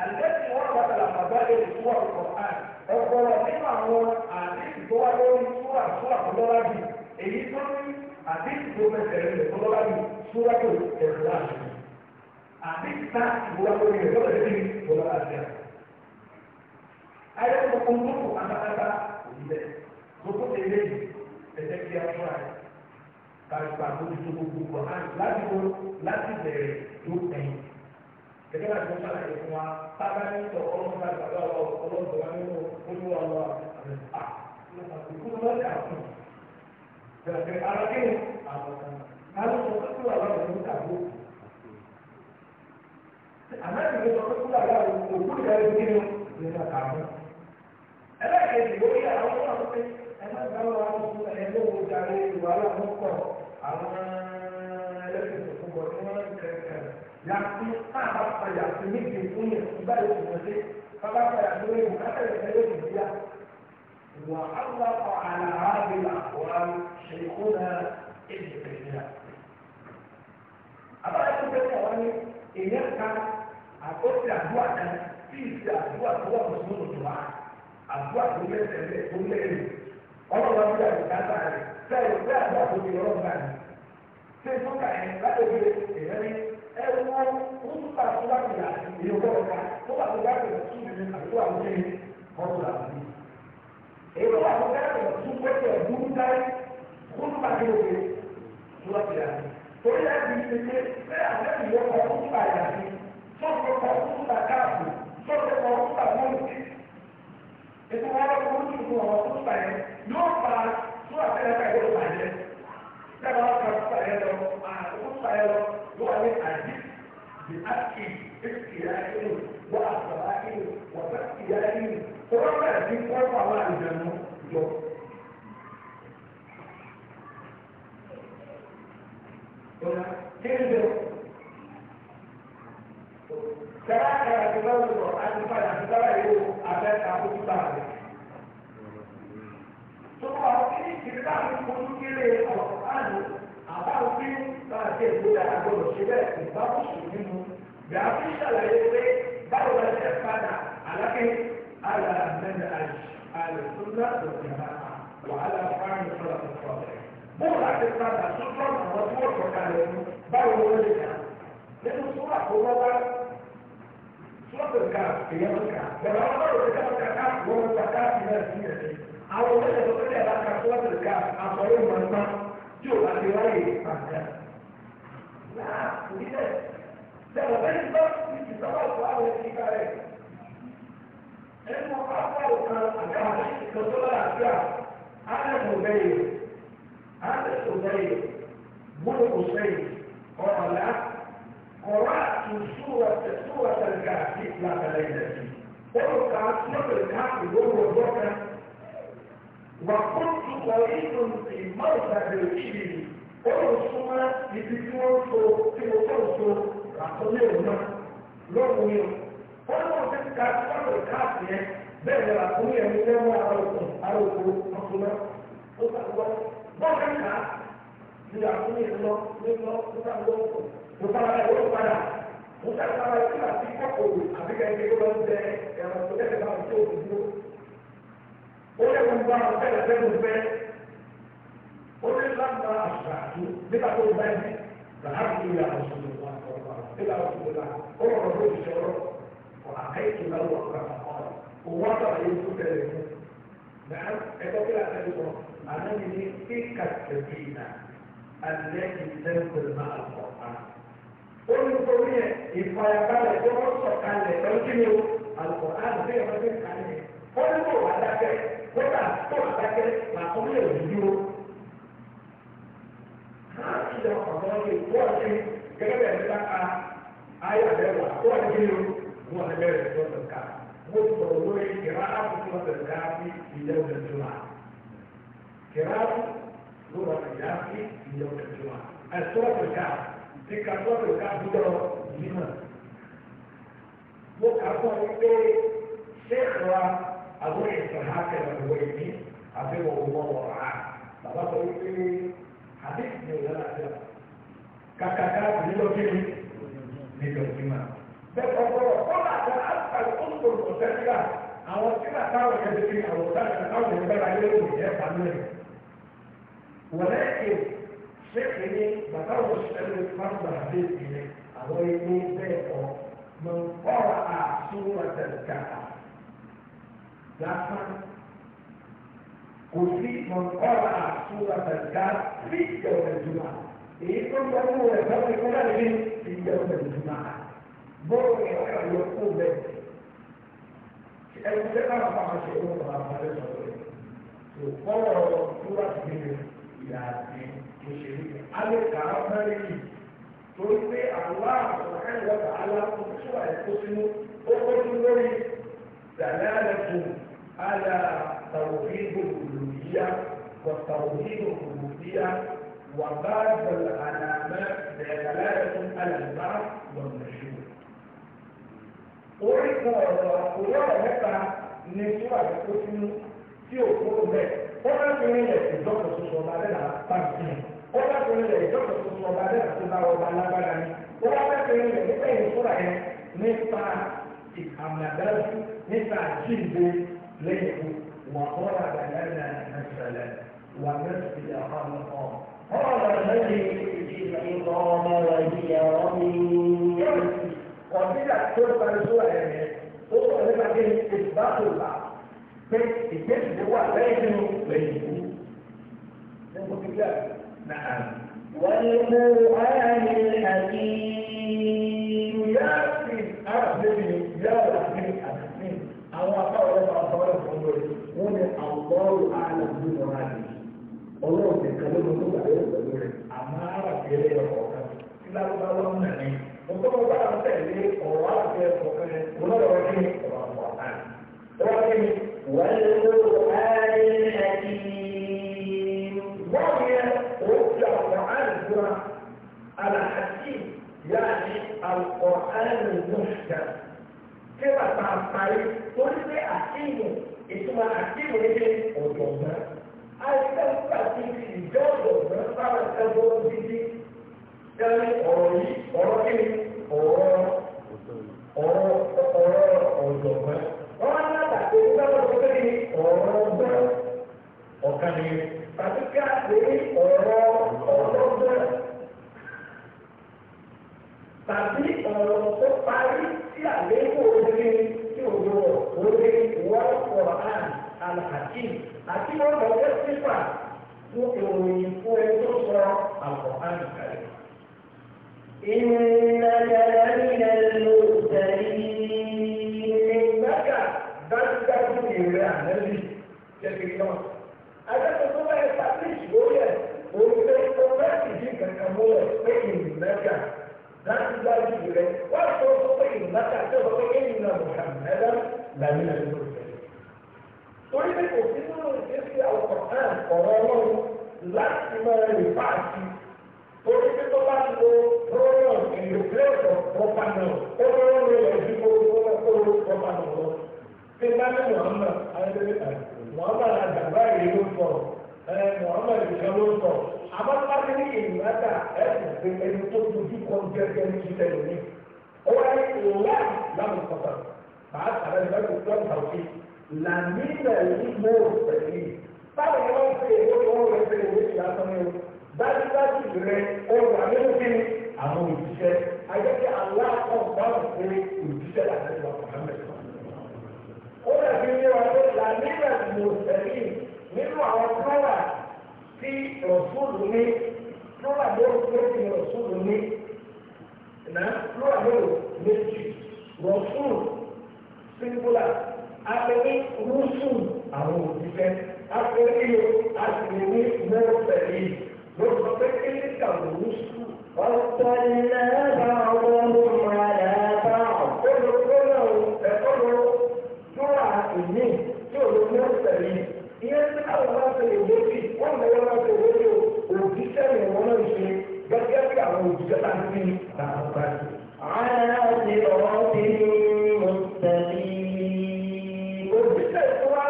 àlẹ́sìn wọn bá tẹ̀lé àmàgbá èrè súwà kọ̀ án ọ̀pọ̀lọ̀ nínú àwọn àdéhùn tó wá lórí súwà súwà kọlọ́lá bì èyí tó ní àdéhùn tó mẹsẹ̀ rẹ̀ kọlọ́lá bì súwà tó ẹ̀rọ láti àdéhùn tá ìwà lórí rẹ̀ lọ́wọ́ lórí kọlọ́lá tó kù àtàkàtà kàgbà mójútó gbogbo kan láti kó láti bẹ̀rẹ̀ tó ẹ̀yìn. gẹ́gẹ́ bá tó ṣàlàyé fún wa sábà ní sọ ọlọ́run náà gbàgbọ́ àwọn ọlọ́run wa nínú olúwa wa àkókò lọ́dẹ àkùn. bẹ̀rẹ̀ ara kí ni àwọn kan máa ń sọ pé kúrò àwọn ọ̀rọ̀ níta bó. àmọ́ ìgbésẹ̀ sọ pé kúrò àwọn òkú ìdájọ́ kí ni ìgbésẹ̀ kà mọ́. ẹlẹ́kẹ̀ẹ́ ìwé àwọn ọ̀rọ̀ pé ẹ má gbàgbọ́ àwọn ọ̀rọ̀ ẹ̀ lówó darí ìwà aláàmúkọ̀ọ́ àwọn ẹlẹ́sìn tó kún bọ̀ ní wọ́n láti kẹ̀kẹ́ yàtí tá a bá pa yàtí méje fún yẹn ìgbà yóò fi wọ́n dé bá bá pa yàtí lórí ìwọ̀n káfẹ́ yẹn fẹ́ lórí ìdíyà wà á wà pa àlàáfẹ́ làkúrá ṣe kó na èdè kẹ̀kẹ́ àbáyé tó ti ọlọ́wọ́ bá Facebook yẹn láti fi èèyàn ní ẹwọ wọn tún bá tó bá ti yà èyí ọgbọ ọgá tó bá tó bá ti yà tún ní àti wà ní ọdún àti ní. èyí tó bá tó bá ti yà tún pé ẹ burú dárí kó tó bá ti yà òkè tó bá ti yà ní. torí ẹ bí ṣe pé bẹ́ẹ̀ àtẹ́bí yẹn kọ́ tó bá yà ní sọ́ọ̀tò kọ́ tó bá káàbù sọ́ọ̀tò kọ́ tó bá mọ́ọ̀lù. ètò wọn lọ́kọ́ tó tún ọ̀rọ̀ tó bá yẹn yóò daga haka kuka yi da ma'ana kuka yi da wani aji da ake iskiyari wa asabari wa tsakiyari ko wanda ji kofa wa aljannu jo ona kende sara kara kibawulo ati fara kibawulo abẹ akutu baare sọ́kọ́ àwọn kí ìgbésà mi fojú kéré ọ̀rọ̀ àná àbáwọn bí báàgé ìgbóyà àgbọ̀dọ̀ ṣe bẹ́ẹ̀ ìbáwọ̀ sùn nínú gbàgbé ṣàlàyé pé báwo la ṣe padà àlákè alàmẹ́lẹ̀ àlùfúnlá lọ́jà wàhálà fáwọn ìfọ̀lá fọ̀fọ̀ bóòlù àti padà sọ́kọ́ àwọn tí wọ́n sọ̀kà lẹ́nu báwo ló lè dà nínú sọ́kọ́ àkọ́wọ́wá sọ́kọ̀ ká èèyàn ká bẹ̀rẹ̀ àwọn ọlọ́run ká ká ká wọ́n ká ká ìlẹ̀ sílẹ̀ àwọn òṣèlè tó tẹ́lẹ̀ bá ka fún àtìríkà àtọ̀rọ̀ ìmọ̀ọ́mọ́ tí ò bá ti ráyè pàṣẹ. náà nílẹ̀ lẹ́nu bẹ́ẹ̀ bá ti sọ́wọ́ àpò àwọn ìṣìkà rẹ̀. ẹnu apá òkan àgbà tó tó lọ́la sí à ánẹ́kùn bẹ́yì ánẹ́kùn bẹ́yì gbọ́dọ̀ kò sẹ́yìn ọ̀la kọ̀rọ̀ àtúnṣúwọ̀ tẹ̀síwọ̀ tẹ̀síwọ̀ tẹ̀síwọ̀ tẹ̀síwọ̀ tẹ̀síwọ̀ tẹ̀síwọ̀ tẹ̀síwọ̀ tẹ̀síwọ̀ tẹ̀síwọ̀ tẹ̀síwọ̀ tẹ̀síwọ̀ tẹ̀síwọ̀ tẹ̀síwọ̀ tẹ̀síwọ̀ tẹ̀síwọ̀ tẹ̀síwọ̀ tẹ̀síwọ̀ tẹ̀síwọ̀ وكنت مريض في مرضى الإبل ورسوما يبيعوه تيوتوسو رقميوما لوميو ولو تذكر كل كافية بين رقمية من ما أروكو أروكو رسوما وتقوى بوكا لرقمية لو لو تقوى وتقوى وتقوى Musa kala yi kila ti kɔkɔ o, a bɛ ka yi kɛ yɔrɔ bɛɛ, ɛrɛ o tɛ ka taa o tó o tó ó yẹ kó gba àwọn bẹ́ẹ̀ bẹ́ẹ̀ ló fẹ́ ó ní lágbára àṣàtú nígbà tó bá yẹ làhàbí tó yà àwọn sọ̀rọ̀ wà lọ́wọ́ nígbà tó tó la ó rọrọ̀ ló ti sọ̀rọ̀ wà á kẹ́ ètò náà wà kúrò àwọn ọ̀rọ̀ òun wá sọ̀rọ̀ yẹn tó bẹ̀rẹ̀ mú ẹgbẹ́ kí láti ẹni sọ̀rọ̀ àná mi ní kíkà tẹ̀lé iná alẹ́ ìtẹ́kùn máa lọ ó ní torí ẹ̀ ìfọyàbalẹ̀ tó wọ́n sọ̀kalẹ̀ lọ́jọ́ ó ní wà dákẹ́ kódà tó wà dákẹ́ mà kó lè dúró. láti lọ ọ̀dọ́ ní wọ́ọ̀sì gẹ́gẹ́ bẹ́ẹ̀ ní bàtà ayé àbẹ̀wò àkọ́ọ̀dé ní wọ́n ti bẹ̀rẹ̀ sí ọ̀sẹ̀ ká wọ́n ti sọ̀rọ̀ lórí kẹrẹ́ àkókò ọ̀sẹ̀ ká sí ilé ọ̀sẹ̀ tó wà. kẹrẹ́ àkókò ọ̀sẹ̀ ká sí ilé ọ̀sẹ̀ tó wà. ẹ̀sọ́ ọ̀sẹ̀ ká ti ka sọ́ọ̀sẹ̀ ká dúró yìí náà. mo kà fún ọ أبو إسحاق الروايدي حفظه الله ورعاه bàbá sọ wípé hadith ni ìlànà àti àpò kàkàkà nílò kíni nílò kíma bẹ́ẹ̀ ọgbọrọ kọlá àti àpàlẹ olùkọ́ni ọ̀sẹ̀ nígbà àwọn tíra táwọn yẹn ti fi àwọn ọ̀sẹ̀ àti àwọn yẹn bẹ́ẹ̀ ayé wò yẹ pàmò ẹ̀ wọlé ẹ̀ ṣéèkì ni bàbá wọn ṣẹlẹ̀ fáwọn àti ìpìlẹ̀ lásán kò sí mọ̀nkọ́ra àtúwà tàbíká sí ìjọba ìjọba èyí tó ń bọ́ fún rẹ̀ sọ́kùnrin kó láti ní ìjọba ìjọba bóòrò ni ó yà yọ kó bẹ́ẹ̀ ẹni tẹ́ náà fún àwọn ṣe fún ọ̀rọ̀ àwọn ọ̀rẹ́ sọ̀rọ̀ rẹ̀ tó kọ́wọ́ túwà sí ìyá àti òṣèlú alẹ́ kà á mẹ́rin yìí torí pé àwọn àwọn ẹ̀rọ tààlà kò tó wà ẹ̀kọ́ sínú ó kọ́ sí lórí tàlẹ́ àlẹ́ fún un. على توحيد الألوهية وتوحيد الربوبية وبعض العلامات دلالة على البعث والنشور. orí kan ọ̀rọ̀ òwúrọ̀ mẹ́ta ni sùúrà tó kó sínú tí ò kúrò bẹ́ẹ̀ ó bá fi rinlẹ̀ ìjọba tuntun ọba dẹ́nà pàṣẹ ó bá fi rinlẹ̀ ìjọba tuntun ọba dẹ́nà tó bá ọba lágbára ni ó bá bá fi rinlẹ̀ nípa ìfúra yẹn nípa ìkàmàdájú nípa àjíǹde ليه وقال لنا مثلا ونسي خلقا قال هذه العظام وهي رميم وقيل تربى سوء يعني تربى لما كان اثبات البعض الكذب هو لازم بينه نعم والقرآن الحكيم يا أخي أخبرني يا أخي àwọn afáwọn ẹ̀rọ máa bọ́ọ̀lù fún mi wọ́n ní àwòrán àlọ́ ní ìmọ̀ràn àdé ọlọ́run nìkan ló ló gbà yóò pẹ̀lú rẹ̀ àmọ́ àràbẹ̀rẹ̀ ọ̀kan tí lágbàlá ń nà ní nítorí bá ń tẹ̀lé ọ̀rọ̀ àràbẹ̀rẹ̀ ọ̀kan rẹ̀ olóòrò ní ọ̀rọ̀ ọ̀kan wọ́n ní wọ́n ló wọ́n yẹ ọ̀rọ̀ àrùbúra alàhàkì yáà ní àlùkò àrùn lẹ́bà tá a parí tó ní pé àtìmù ìtumọ̀ àtìmù ní pé ọ̀dọ̀gbọ́n. Àìsíkà ti fi ìjọ ọ̀dọ̀gbọ́n sábà ẹgbẹ́ títí tẹ́lẹ̀ ọ̀rọ̀ yìí ọ̀rọ̀ kí ni ọ̀rọ̀ ọ̀rọ̀ ọ̀dọ̀gbọ́n. Wọ́n á lábàá pé nígbà wọn tó kéde ọ̀rọ̀ ọ̀gbọ́n ọ̀kan ni. Tàbí ká pé ọ̀rọ̀ ọ̀dọ̀gbọ́n tàbí ọ̀rọ̀ tó parí sí àléébù obìnrin tí ò lọ wọ́n sọ̀rọ̀ àn alhaji àti wọn lọ wẹ́ sífà fún ìròyìn fún ẹ tó sọ àpò àǹkàlẹ̀. Ìnàlẹ́ ìnàlẹ́ ló tẹ̀lé ìgbàgà dájúdájú ìrẹ́ ànẹ́lì jẹ́bi náà. Adéko tó bá ẹ pàtẹ́jì lórí ẹ̀ òun fẹ́ tó bá ìdí kankan mú pé ìrìn mẹ́gà dájúdájú rẹ wọ́n sọ pé ìmọ̀ta tó sọ pé ẹ̀yìn náà Muhammadan làmì náà ló rẹ̀. torí pé kò sí nínú ìdésí àwòkọ̀tán ọ̀rọ̀ ọlọ́run láti máa rè fáàtì torí pé tó bá ti lo royal and the place of profanal ó ló ń lo ẹ̀jú owó owó profanal lọ. bí bámi Muhammad ayélujára Muhammad àgbàgbà yìí ló sọ Muhammad ìṣẹ́ ló sọ àbájáde ní ìmọ̀lẹ́ta ẹ̀sìn pé ẹni tó dojú kọ gẹ́gẹ́ ní ti tẹ̀lé ní. ó wá ní ìlà láwọn kọ̀ọ̀kan bàá sàrẹ́ ní bẹ́ẹ̀ tó ń bà wí. làmì bẹ̀rẹ̀ ní mò ń pẹ̀lú yìí. táwọn ọmọ ń pè é wọ́n rẹ̀ pé èwe ti lásán ní o. dájúdájú rẹ ó wà nínú kí ni àwọn òjíṣẹ́ ayẹ́kẹ́ aláàkọ́ báwọn pé òjíṣẹ́ làtẹ́ wà pàmẹ́sàn. ó dàbí ní wọn pé làmì bẹ̀rẹ̀ mò ń pẹ̀lú yìí nínú àwọn tí rọ̀súlù ní lóra lóru méjì ní rọ̀súlù ní nà lóra lóru méjì rọ̀súlù símbúlà apẹ̀lẹ́ rúṣùlù àwọn òṣìṣẹ́ apẹ̀lẹ́ yìí àtìlẹ́ ní mọ́ọ̀fẹ́ yìí ló sọ pé kí ní kàwé rúṣùlù. ọ̀pọ̀ ìlànà àwọn ọmọ rẹ̀ bá ọ̀pọ̀ lọ́wọ́ ẹ̀kọ́ lọ́wọ́ lóra ìní tí òun mọ́ọ̀fẹ́ yìí ìyẹn tí àwọn aláṣẹ ìwé bí wọn lọ wọn aláṣẹ ìwé bí òbí sẹ́yìn wọn náà ṣe gẹ́gẹ́ bí àwọn òṣìṣẹ́ bá ń bí làwọn bá ṣe. aláṣẹ ọ̀rọ̀ ti mú tẹ̀lé. òṣìṣẹ́ tó wá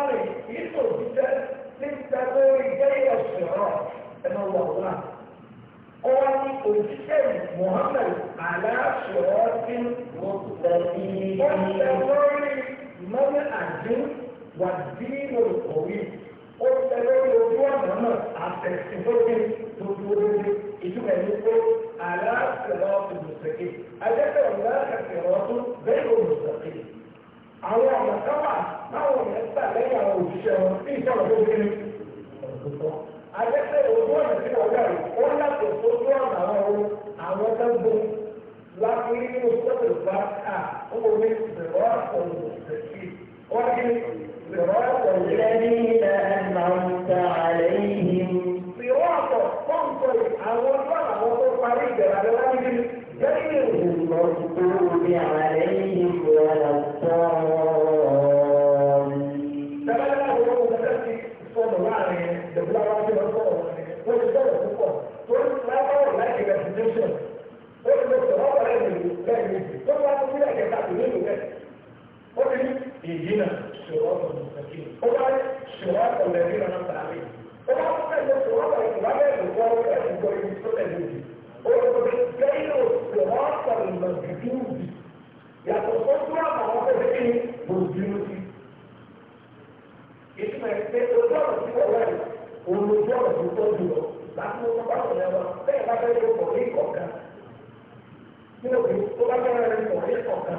wà dínú òwe ó tẹ lórí ojú ọ̀nà náà àtẹ̀síwọ́dé lójú orí ìtumọ̀ ẹni pé aláàfẹ̀rọ̀ olùsèké ajẹ́pẹ̀ ọ̀làkẹ̀kẹ̀rọ̀ tó bẹ́ẹ̀ olùsèké àwọn ọ̀nà káwà báwọn yẹn gbà lẹ́yìn àwọn òṣìṣẹ́ wọn sí ìtọ́nà tó gbé ajẹ́pẹ̀ ojú ọ̀nà tí wọ́n gbà ó yàtọ̀ ojú ọ̀nà àwọn àwọn tó ń gbó láti nínú sọ́dọ̀ bá ká ó wọlé ìbẹ̀rọ̀ àpọ̀ olùsèké wọ́n صراط الذين أنعمت عليهم صراط فانصر أولا وقل طريق غير المغضوب عليهم ولا الضالين صلى الله عليه وسلم ó ní ìdínà ṣòwọ́pọ̀ mùsàkì ó bá ṣòwọ́pọ̀ lẹ́yìn ọ̀nà tààrí ó bá fún ẹ̀jẹ̀ ṣòwọ́pọ̀ ìgbàgbẹ́ ìgbọ́ ẹ̀gbọ́ ibi tó tẹ̀lé òbí ó lọ bí lẹ́yìn ṣòwọ́pọ̀ ìgbàgbẹ́ òbí yàtọ̀ tó tún àwọn ọkọ̀ lẹ́yìn òbí òbí. ìtumọ̀ ẹ̀ pé ojú ọ̀nà tí wọ́n wẹ̀ òun ojú ọ̀nà tó tọ́ jù lọ láti wọ́n bá wọ̀ lẹ́wọ̀ bẹ́ẹ̀ bá fẹ́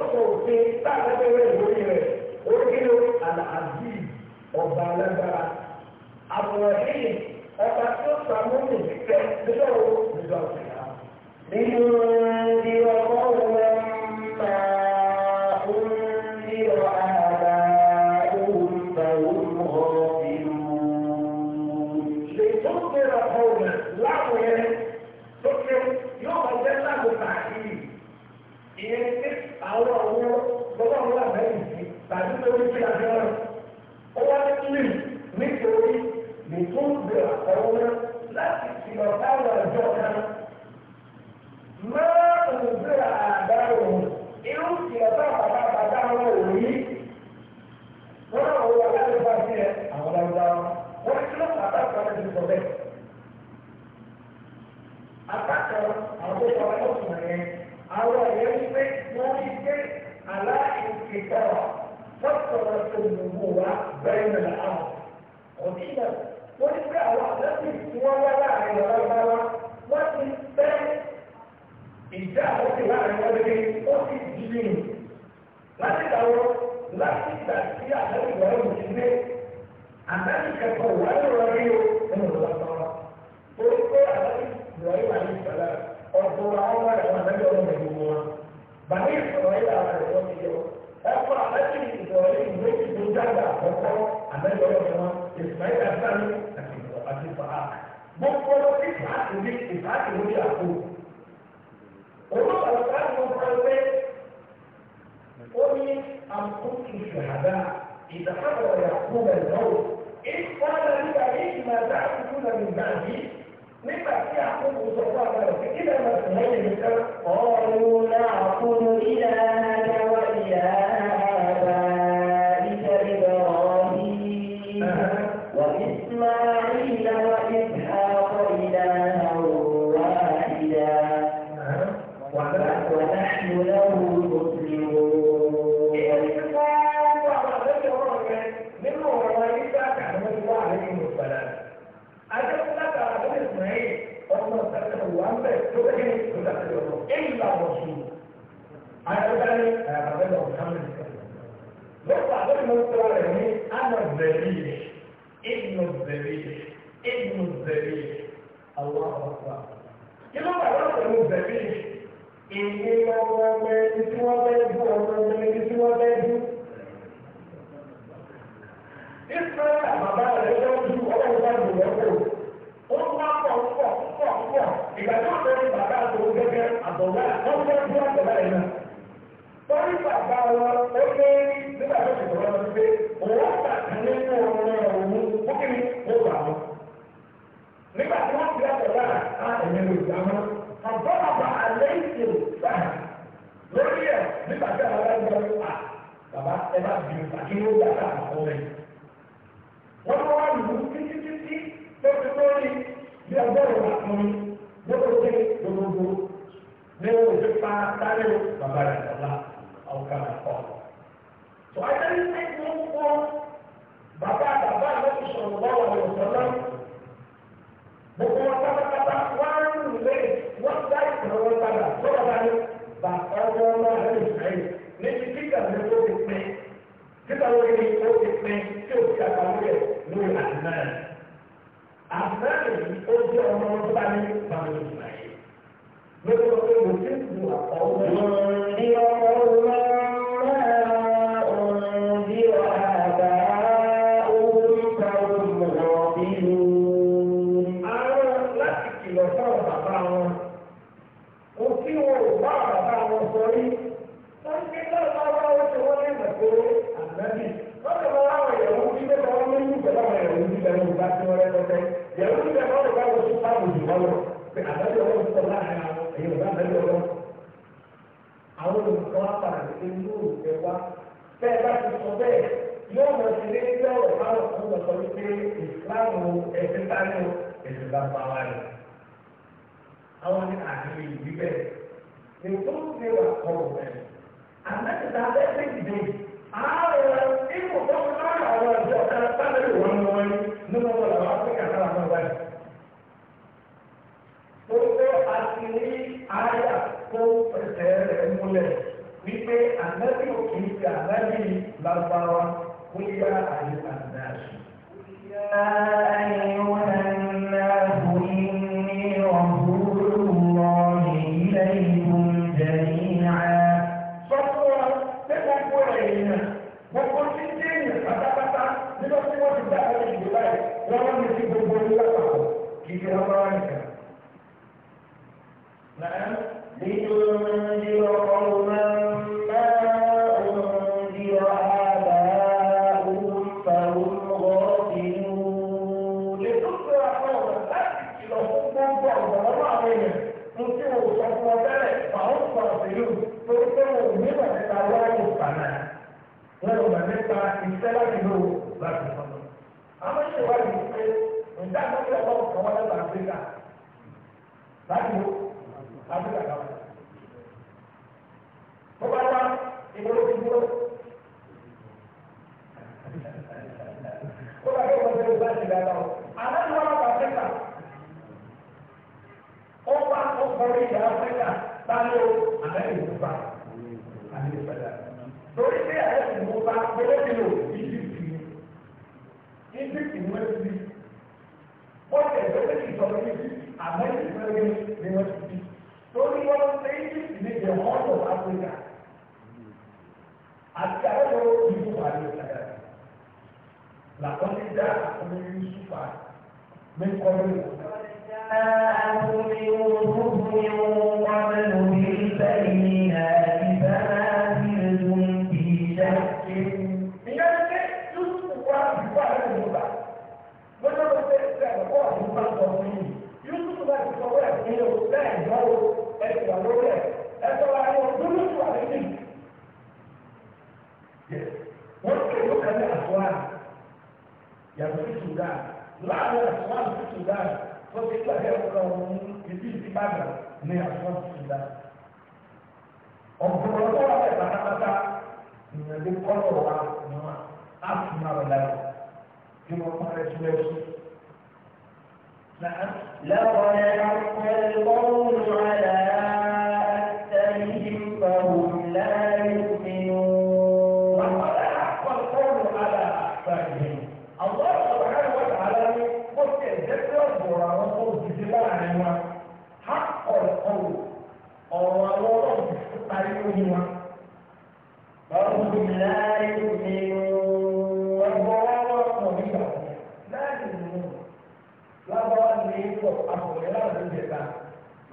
sọ òfin tá a fẹ́ wẹ̀ lórí rẹ̀ oríkìlẹ̀ àlàáfíì ọba alágbára àbọ̀wọ̀ yìí ọba tó sàmúlò nígbà nígbà wo nígbà òkè Thank you. ìdámọ́ dáadáa o aláàbò wa wà áfíríkà ó bá ó kọrin ìyá áfíríkà sáré o àlẹ́ ìwúfà àlẹ́ ìfẹ́dà torí pé àlẹ́ ìwúfà gbọ́dọ̀ nínú ìdíjì ìdíjì wọn ti wọ́n tẹ̀ lọ́wọ́ ìsọ̀rọ̀ ìdíjì àlẹ́ ìfẹ́dà ni wọ́n ti di torí wọ́n ṣe ìdíjì ní the horn of àti àwọn ìwúfà ni. لقد جاءكم يوسف من قبل جاءكم يوسف من قبل بالبينات yàtọ̀ sí sudan láàárọ̀ àtúwọ̀n sí sudan wọ́n ti gbà yẹ kọ́ ọ̀hún ibi ìdíbàdàn ní àtúwọ̀n sí sudan. ọ̀gbọ̀n ọ̀gbọ̀n wà bẹ́ẹ̀ pátápátá ìrìnàjò kọ́lọ̀ wa ni wọ́n á fi máa wọ̀ láyọ̀ kí wọ́n pọ́n rẹ̀ tún lẹ́sùn. لقد حق القول على عنهما فهم لا يؤمنون وضررهم بها لا يؤمنون لا ضرر ليسوع أبو لا يؤمنون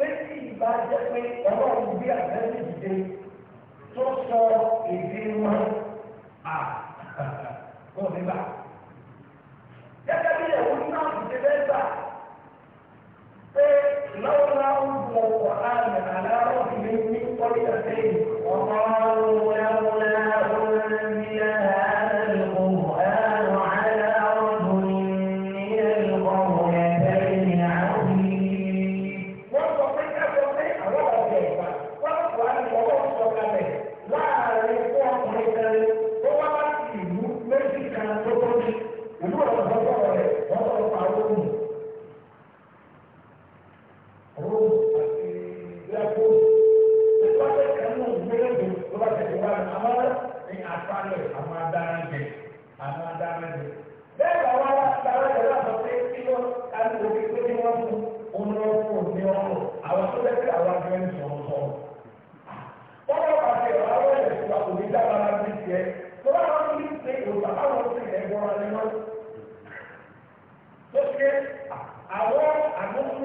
pé tí ìbá jẹ́ pé ọlọ́run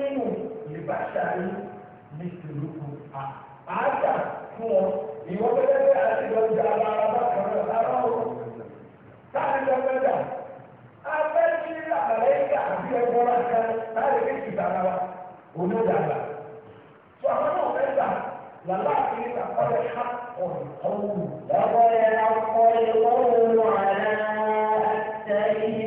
nínú ìbáṣà yìí ní ìlúkù àádà fún ọ ìwọ gẹ́gẹ́ bí àti ìwọ ìjà ara ara kan náà ara ọ táà ní ọgbẹ́dà abẹ́jú àbàlẹ́ ìgbà àbí ẹgbọ́n náà kan láti fi ìgbà ara wa onídàgbà tó àwọn náà mẹ́ta làlá àti ìgbà ọ̀rẹ́ ká ọ̀rẹ́ ọ̀hún. lọ́wọ́ yẹn lọ́kọ́ ìwọ́n wọ̀ ẹ́ ẹ́ tẹ́lẹ̀.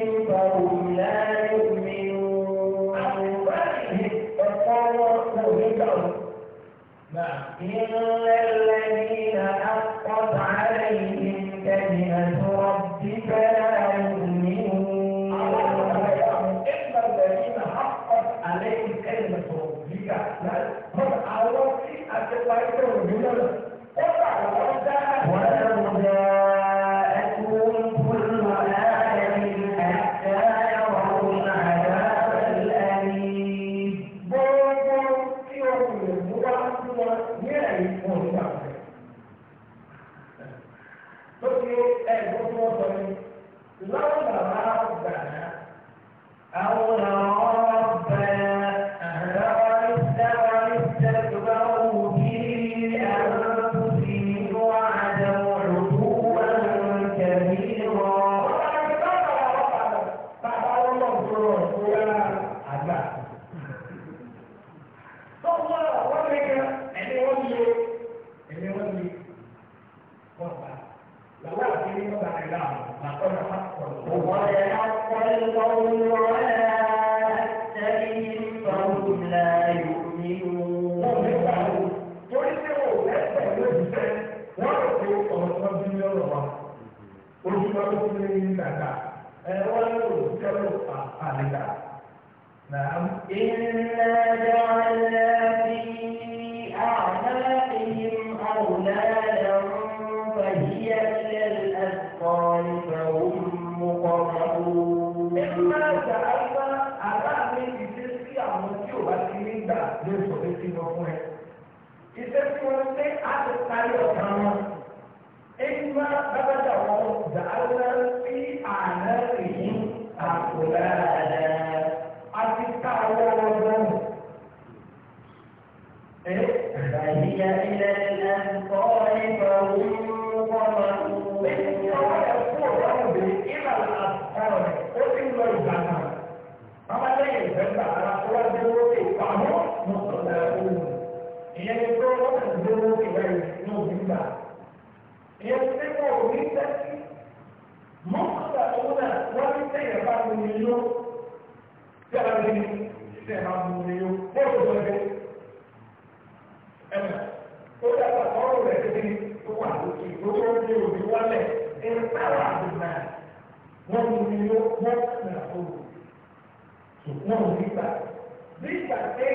Yeah. ẹ̀rí tó wà lókè tó tó ń gbé òbí wálẹ̀ ẹ̀rí táwọn àdúrà wọ́n mú mi ló wọ́n kàn án òwò ṣùgbọ́n ò ní gbà. Bí ìgbà pé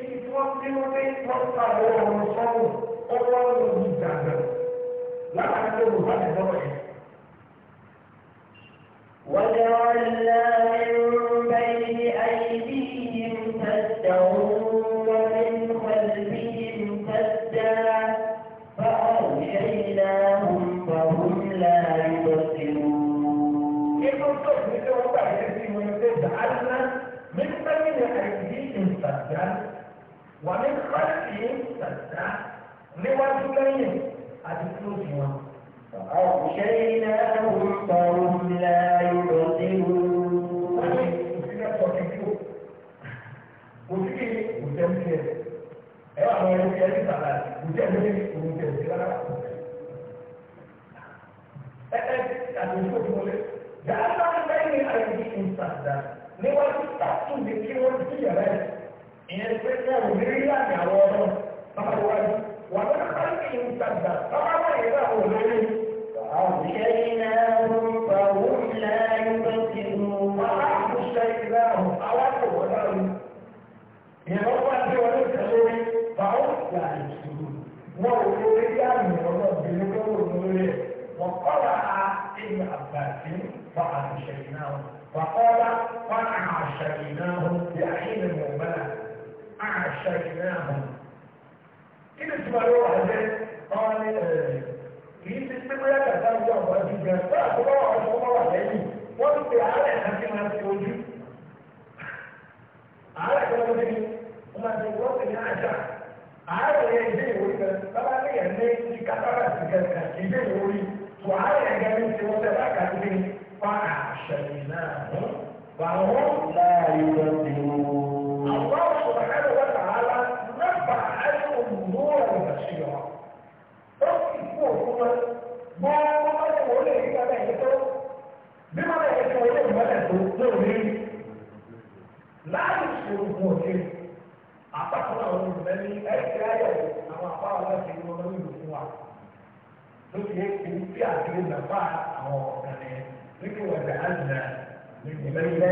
ibi tí wọ́n ti wọ́n dé wọ́n ta ọwọ́ ọ̀rọ̀ sọ́run ó wọ́n lò ní ìdàgbà látàrí tó lò wá lẹ́lọ́wọ́ yẹn. Wọ́n yẹ wọ́n yẹ فقال قد عشيناهم لأحين مؤمنة عشيناهم كيف اسمها روح ده قال يجب تستمر لك أسان جعب أجيب يستاق الله عشان الله جديد وانت على حكيم هذا الوجود على كلام جديد وما تقول يا عشان على يديه وإذا طبعا ليه أنه يكترس كالكاتبين وإذا وعلى جميل سوى تباك هذه فأعشيناهم فهم لا يبدلون الله سبحانه وتعالى نفع عنهم نورا بصيرا أكفوكما ما ما يقول لي ما يقول بما لا يقول ما يقول لا يسلمون àpapọ̀ àwọn olùmẹ́lí ẹ̀ẹ́dẹ́ ayẹ̀wò àwọn apá aláṣẹ ìlú ọmọ ìlú fún wa ló fi é kú bí àdúgbò nàfà àwọn ọ̀gá ni ẹ̀. وجعلنا من بين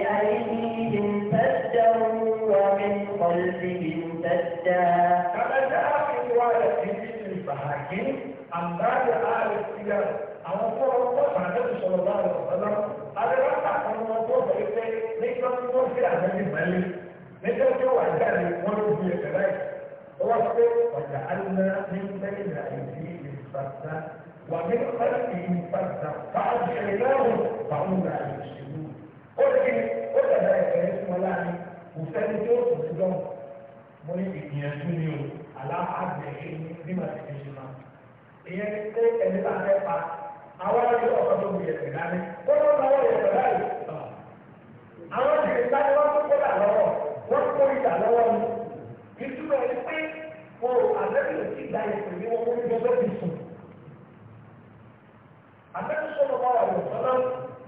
أيديهم سدا ومن خلفهم سدا كما جاء في رواية في ذكر عن بعض أهل السير أن رسول الله صلى الله عليه وسلم قال رفع عن الموضوع فإذا ليس الموضوع في أهل الملك ليس هو عندنا ونوبي كذلك هو وجعلنا من بين أيديهم فردا ومن خلقه فردا فأجعلناه فهم لا يبصرون قل قل ذلك يسمى لعنة وسألت يوسف لهم mo ní ìgbìyànjú ni o aláàbẹ̀ ẹni bí màá ti fi máa ìyẹn ní pé ẹni bá fẹ́ pa àwọn ẹni ọ̀kan tó gbìyànjú ẹ̀sìn dání wọ́n ló máa wọ̀ ẹ̀sìn láàyè àwọn ẹ̀sìn dání wọ́n tó kó dà lọ́wọ́ wọ́n kó ìdà lọ́wọ́ ni ìtumọ̀ ẹni pé wọn ò àlẹ́ mi ò tí ì gba ìpè ní wọn kó ní gbogbo ìsùn àtẹ́kù sọ̀rọ̀ wà wà lọ́sọ́lá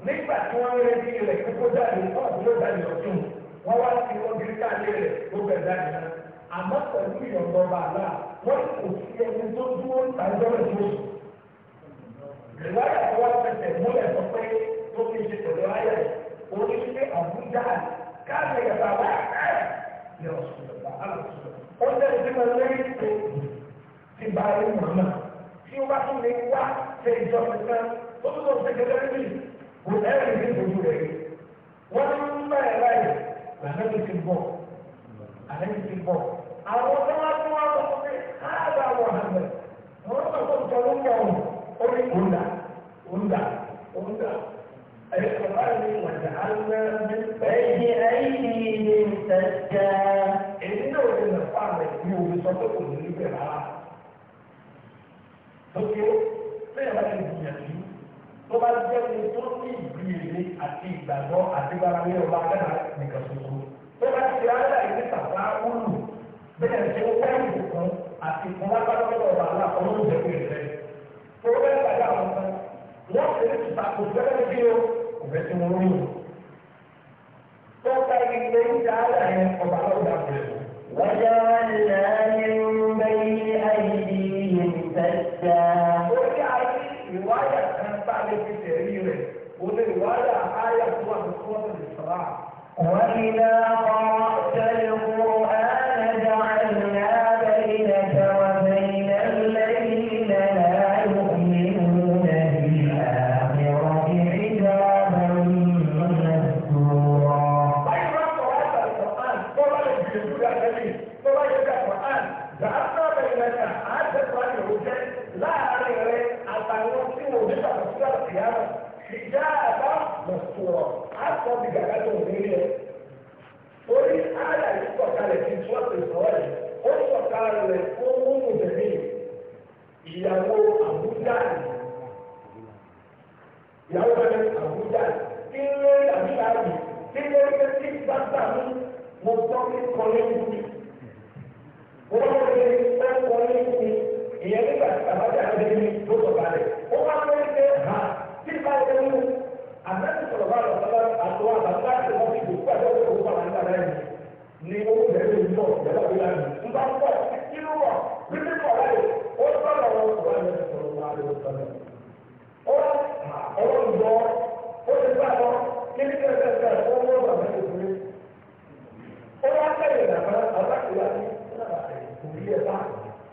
nígbà tí wọ́n rẹ̀ bí rẹ̀ kókó jáde wọ́n àbúrò jáde ọ̀tún wọ́n wá sí ọdún káàdé rẹ̀ tó bẹ̀ jáde náà àmọ́ pẹ̀lú ìyọ̀dọ̀ bàálà wọ́n kò sí ẹni tó dúró tàbí ọ̀rẹ́ tó sùn. ìwádìí àti wọ́n fẹsẹ̀ múlẹ̀ sọ pé tó fi ṣe pẹ̀lú ayẹ̀ oníṣẹ́ àbújá káàdé yàtọ̀ àwọn ẹ̀ tí ó bá tún lè wá ṣe ìjọba kan tó tún lọ sí gẹ́gẹ́ bí kò ẹ̀rì ní ojú rẹ̀. Wọ́n ní ń bá ẹ̀ láyè làbẹ́bí ti bọ̀ làbẹ́bí ti bọ̀. Àwọn tó wá tún wá lọ sí ààbà wọ̀ àgbẹ̀. Wọ́n lọ sọ ìjọ ló ń bọ̀ ọ̀ orí òǹdà òǹdà òǹdà. Ẹ̀kọ́láàrin wàjà alẹ́ mi. Bẹ́ẹ̀ni ayé ni ìṣẹ̀dá. Èyí náà ò lè nà fún àmì mi lókè bẹ́ẹ̀ bá ti gbìyànjú tó bá jẹ́ ní tó ní ìgbìyànjú àti ìgbàgbọ́ àti gbàgbé ọba dára nìkan ṣoṣo tó bá ti rárá ìdí tàbá wúlò bẹ́ẹ̀ ṣe ó wá ìlú kan àti ìfowópamọ́ ọba aláàfọ́ ló ń jẹ́ pé rẹ̀ tó bẹ́ẹ̀ pàdé àwọn kan wọ́n ti rí tuta kò fẹ́rẹ́ bí o kò fẹ́ tí wọ́n rí o tó ká ilé ìjà àlàyé ọba lọ́dà bẹ̀rẹ̀ bá lè fi tẹ̀rí rẹ̀ ó lè wáyà áyà tó wà ní sọ́ọ̀tì ìsọ̀rá. wọ́n ti náà kọ́ tẹ́lẹ̀ fún pé kí dáadáa mi mo gbọ́ pé kọ́lé fún mi. Mo wá lórí pé kọ́lé fún mi. Ìyẹn nígbà tí àbájá àbẹ́ mi ló sọ̀ kalẹ̀. Ó wá lórí pé ha tí bá yẹ mú. Àbẹ́sì sọ̀rọ̀ bá lọ sọ́lá àtọ́ àbàtà àti wọ́n ti dùn pẹ̀lú ọ̀rọ̀ òkú àwọn àgbà rẹ̀ ni owó bẹ̀rẹ̀ ń bọ̀ ìjọba ìlú lánàá. Ń bá ń bọ̀ kí ló wọ̀ bí ti kọ̀ láyé ó sọ̀rọ̀ ọ̀rọ̀ ìsọ̀rọ̀ bá lọ بعد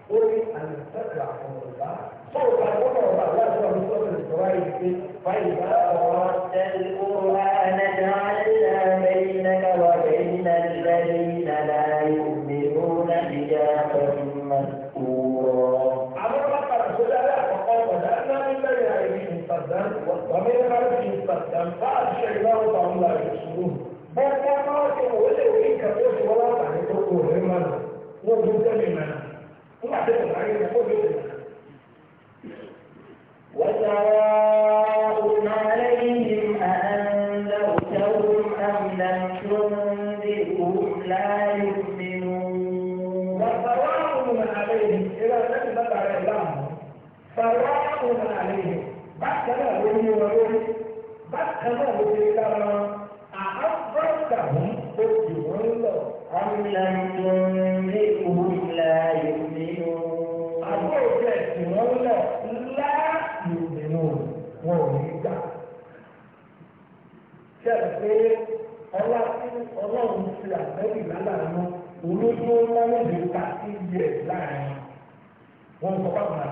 قولي أن تتبع أمر الله سوف أمر الله لا سوى من سورة الفوائد فإذا أردت القرآن جعلنا بينك وبين الذين لا يؤمنون حجابا مستورا أمر بقرة سلالة فقال وجعلنا بين أيديهم سدا ومن خلفهم سدا فأغشيناهم فهم لا يبصرون بل كما تقول لك ولا تعرفوا مهما وجود من عندكم علينا كل يوم وسواء عليهم أأنذرتهم أم لم تنذرهم لا يؤمنون عليهم إذا كذبت عليهم أم لم ti àtẹ́yìn lálàánú olójú ńlá lóde ká sí iye láàrin wọn sọ fún àwọn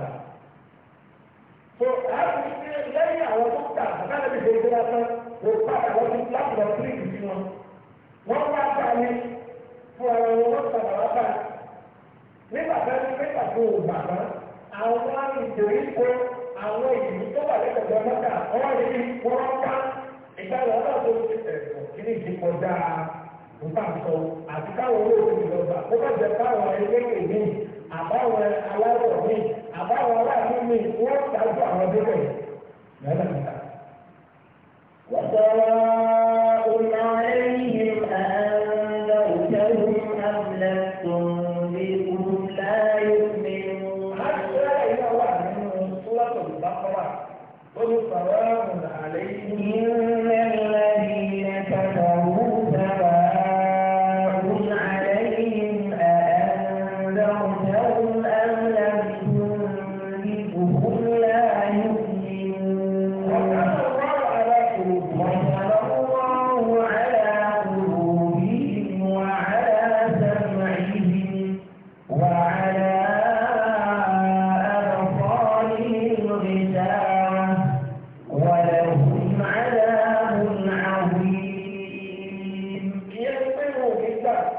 so àti ṣe lẹ́yìn àwọn tó ta àbálẹ̀ mi ṣe gbéra tán kò padà wọ́n ti láti lọ sí ìdí wọn. wọ́n wá bá mi fún ara wọn wọ́n padà wá bá nígbà tó ń nígbà tó ń bà wọ́n àwọn ìdòwípo àwọn ìlú tó wà lẹ́kọ̀ọ́ mọ́ta wọ́n rí wọ́n ká ìgbà wọn tó ti ẹ̀rọ nǹkan sọ àti káwọn olóògùn ìjọba ó bá jẹ káwọn ẹlẹ́gbẹ̀ẹ́ mi àbáwọn aláwọ̀ mi àbáwọn aláàánú mi wọ́n ṣáájú àwọn ẹgbẹ́ rẹ̀ lọ́dọ̀ níta. wọ́n sọ wọ́n.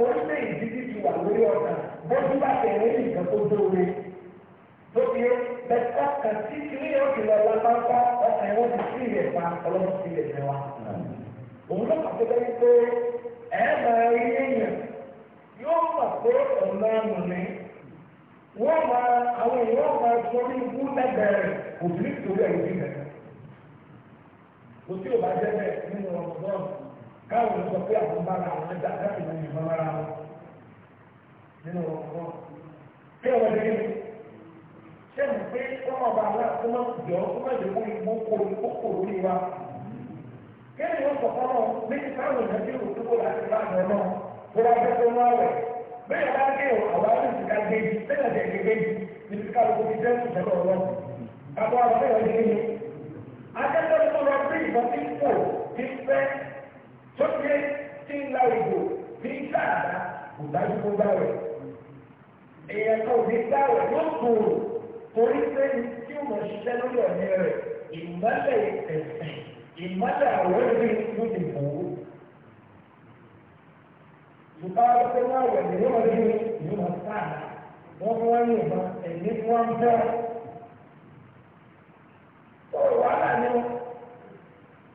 torí pé ìdíjí ti wà lórí ọ̀kan bó ti bá tẹ̀lé nìkan tó dóore tó fi bẹ́tà kan tí kìíní yóò ti lọ lápapọ̀ ọkàn yóò ti sí ilẹ̀ pa ọlọ́run sí ilẹ̀ mẹ́wa. òun ló pàṣẹ bẹ́ẹ̀ pé ẹ máa rí èèyàn yóò mọ̀ pé ọ̀nà àmì wọ́n máa àwọn èèyàn máa sọrí ikú lẹ́gbẹ̀rẹ̀ kò sí nítorí ẹ̀yìn bíbẹ̀. kò sí òbájẹ́ bẹ́ẹ̀ nínú ọ̀gbọ́n káwọn sọ pé àwọn bára àwọn ẹja láti lè yìnbọn bára wọn nínú ọgbọ́n pé ọ̀rọ̀ ẹ̀rí mi ṣé mo pé kó má bàa náà kó má jọ kó má jẹ kó igbó kó kó kó lórí wa kéde wọn kọ̀kọ́ náà méjì káwọn èèyàn bí òkú kó láti bá àná náà kó wá fẹ́ tó ń wá bẹ́ẹ̀ bá gé o àwọn arúgbó ti ká gé yìí bẹ́ẹ̀ náà tẹ̀lé gé yìí níbi kálukú ti dẹ́kun ìjọba ọlọ́run àbọ̀ àwọn ẹ̀rọ yìí ni akẹ́kọ̀ọ́ tó lọ sí ìbọn tí kò ti fẹ́ tó ṣe tí ń la ìbò bí sáàdá kò dájú kó dáwẹ̀. èèyàn kan ò ní dáwẹ̀ yóò gbòòrò torí pé tí ó mọ̀ ṣiṣẹ́ lórí ọ̀nà rẹ̀ ìmọ́lẹ̀ ẹ̀sìn ìmọ́lẹ̀ àwọn ẹbí ló ti bò ó. Ìgbà tó wá wẹ̀ ní wọ́n rí ìlú wọn sáà wọ́n fún wọn ní ìbọn ẹ̀mí fún wọn bẹ́ẹ̀. Ó wàhálà ni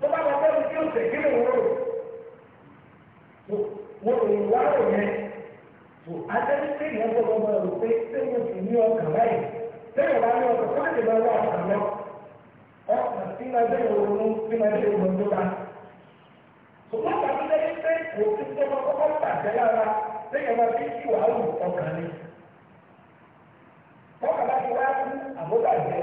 tó bá lọ bẹ́ẹ̀ tí ó sì kí lè wúrò wọ́n lè wá rò yẹn tó adébí pé ìyẹn gbọ́dọ̀ máa rò pé sẹ́yìn sì ní ọkàn láyè sẹ́yìn bá ní ọkàn fún àdébá wà ọkàn lọ ọkàn sí máa bẹ́ẹ̀ ronú sí máa bẹ́ẹ̀ ronú tó bá. ṣùgbọ́n bàbá lẹ́yìn pé kò sí sọ́mọ kọ́kọ́ tàjẹ́ lára sẹ́yìn bá fi kí wàá rò ọkàn ni. ọkàn bá ti wá kú àbúrò àjẹ́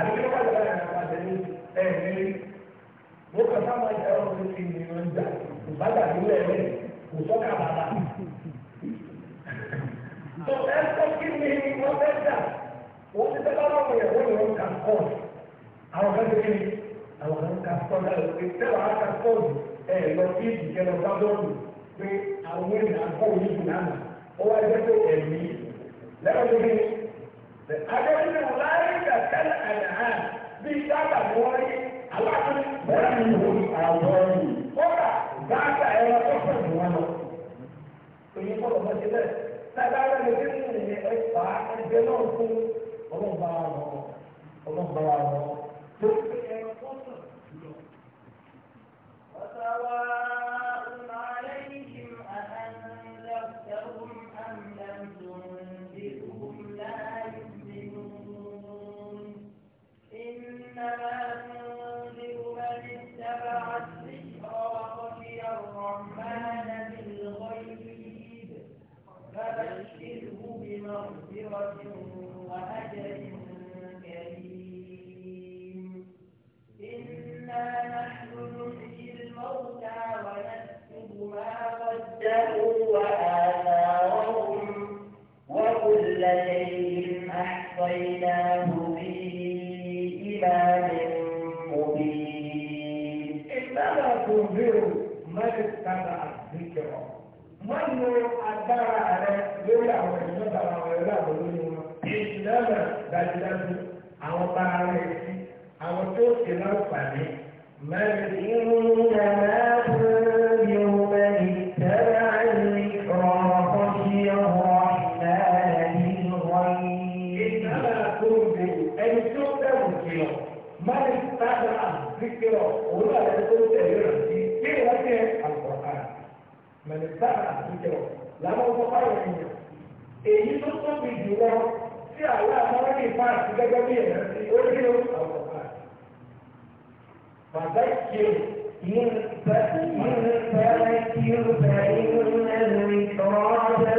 àbíkẹ́ wà lọ́wọ́ àwọn àpàtẹ́lẹ́ ẹ̀ ní mo kàn sáwọn ẹ̀ka ẹ̀rọ tó ti ní ìrìn ìjà kò bá gbà nílẹ̀ rẹ̀ kò sọ́kà bàbà. tó ẹ sọ kí ni wọ́n fẹ́ jà wọ́n ti tẹ́lá lọ́wọ́ yẹ̀ wọ́n yọ̀ ká kọ́ àwọn kan ti kí àwọn kan ká kọ́ dáre pé tẹ́lá á ká kọ́ ẹ̀ lọ sí ìdíkẹ́ lọ sábọ́ọ̀lù pé àwọn ènìyàn kọ́ òyìnbó náà ó wá jẹ́ pé ẹ̀mí lẹ́yìn adébíyẹ láyé kẹkẹlẹ ẹnìhẹ bíi dábà wọlé alákùnrin. bẹ́ẹ̀ ni wọ́n àwọ̀ yìí. kódà dáadáa ẹ̀rọ tó fẹ́ wọn lọ. èyí kọ́ lọ́mọ ti bẹ́ẹ̀ tábàárẹ̀ lè fi mú ìyẹn ẹ fà á ẹgbẹ́ náà fún ọlọ́ọ̀bá wọn ọlọ́ọ̀bá wọn. tó fi ẹ̀rọ tó sàn jùlọ. وسواء عليهم أأنذرتهم أم لم تنذرهم إنما من اتبع الرحمن بالغيب فبشره بمغفرة كريم إنا نحن الموتى ونكتب ما قدموا وآثارهم وكل شيء أحصيناه mẹ́rin kára àdìkẹ̀wọ̀. wọ́n lo agbára rẹ lórí àwọn ènìyàn bàbá wọn lórí àwọn olóyún wọn. ìlànà dájúdájú àwọn bá ara sí àwọn tó ṣe láǹfààní mẹ́rin ìrún yàrá fún un. dára àtijọ́ làwọn ọmọ báyọ̀ nìyẹn èyí tó tóbi jù lọ sí àwọn amọ́rẹ́kì páàkì gẹ́gẹ́ bí ẹ̀rọ sí orílẹ̀ àwọn páàkì. bàbá ìṣe ìyẹn bẹ́ẹ̀ ìyẹn bẹ́ẹ̀ kí ó bẹ̀rẹ̀ ìyẹn lẹ́nu ìtọ́jú.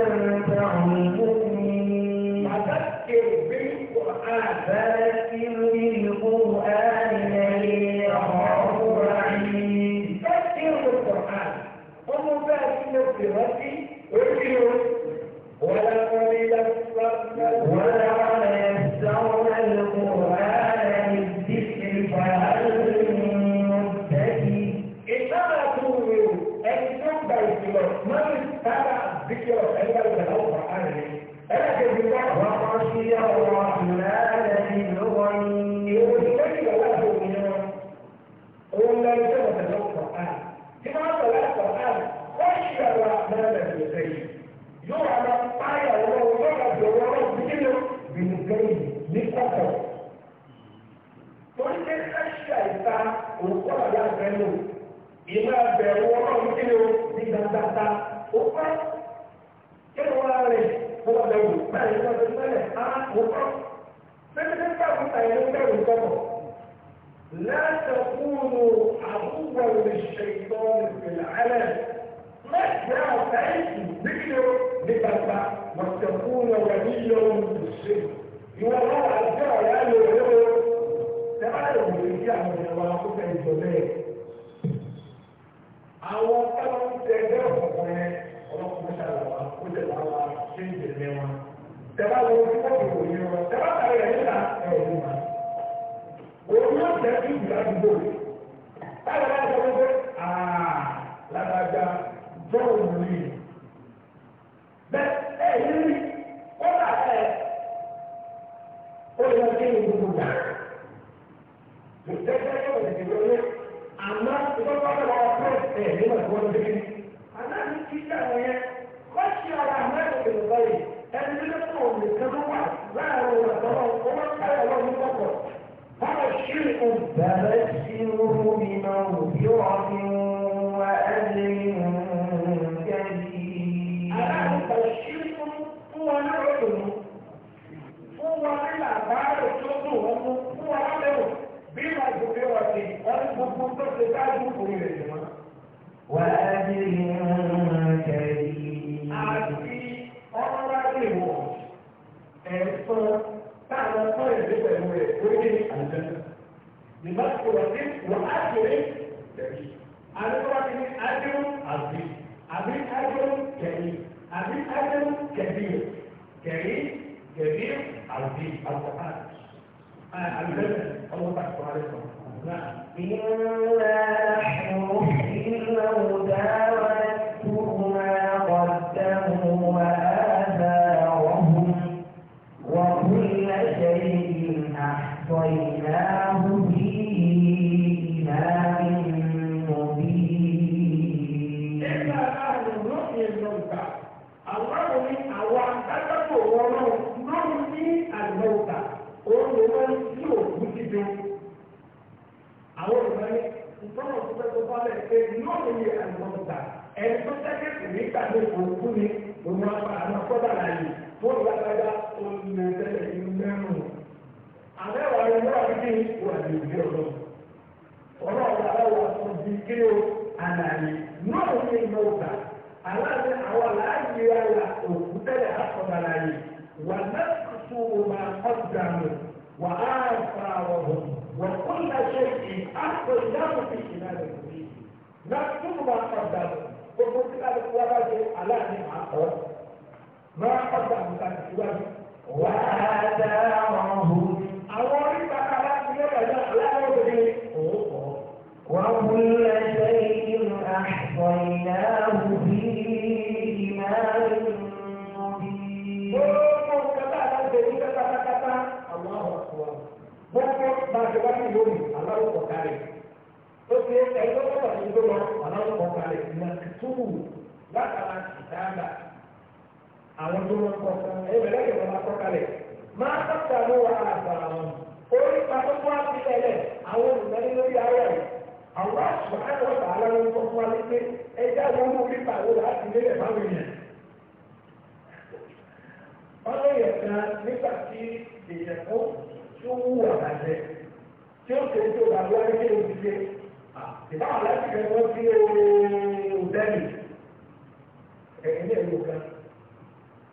àlàyé náà ó ní ìmọ̀ ọ̀gá aláàbí àwọn aláàyè ara òkú tẹ́lẹ̀ àkọ́dàlàyé wà lẹ́kùtù ọmọ ọ̀dàmù wà á fa ọ̀hún wà kó lẹ́sẹ̀ yìí àpò ìyáàmù fi ìlà rẹ̀ kùrí lẹ́kùtù ọmọ ọ̀dàmù gbogbo tí a lè kó wá láti aláàbí àkọ́ náà ọ̀dàmù ta ti wájú. wà á dá ọ̀hún. àwọn orí bàtà láti lé pẹ̀lú aláwọ̀ òde wà á wúlẹ̀ wáyé lónìí aláwọ̀ kárẹ̀ ó ṣe ẹgbẹ́ wọ́pọ̀ ní ló lọ aláwọ̀ kárẹ̀ ní túbù látara ìdáàbà àwọn tó lọ kọ fún ẹ bẹ̀rẹ̀ yẹn wọn akọ kalẹ̀ máa tọ́ka ló wà àgbà wọn orí pàtókò àti ẹlẹ àwọn olùdarí lórí ayé rẹ àwọn aṣọ àti ọ̀tà aláwọ̀ kọ fún wa lépe ẹjẹ́ àwọn ọmọ orí pàwó láti lélẹ̀ báwọn yẹn ọlọ́yẹ̀ kan nígbà tí èèyàn tó wù àbàjẹ́ tí ó tẹ̀lé tó bàbá wọlé kí ló ti ṣe ìbáwọ̀ láti kẹ́ wọ́n sí òdẹ́lì ẹ̀yìn ní ẹ̀yìn òkan.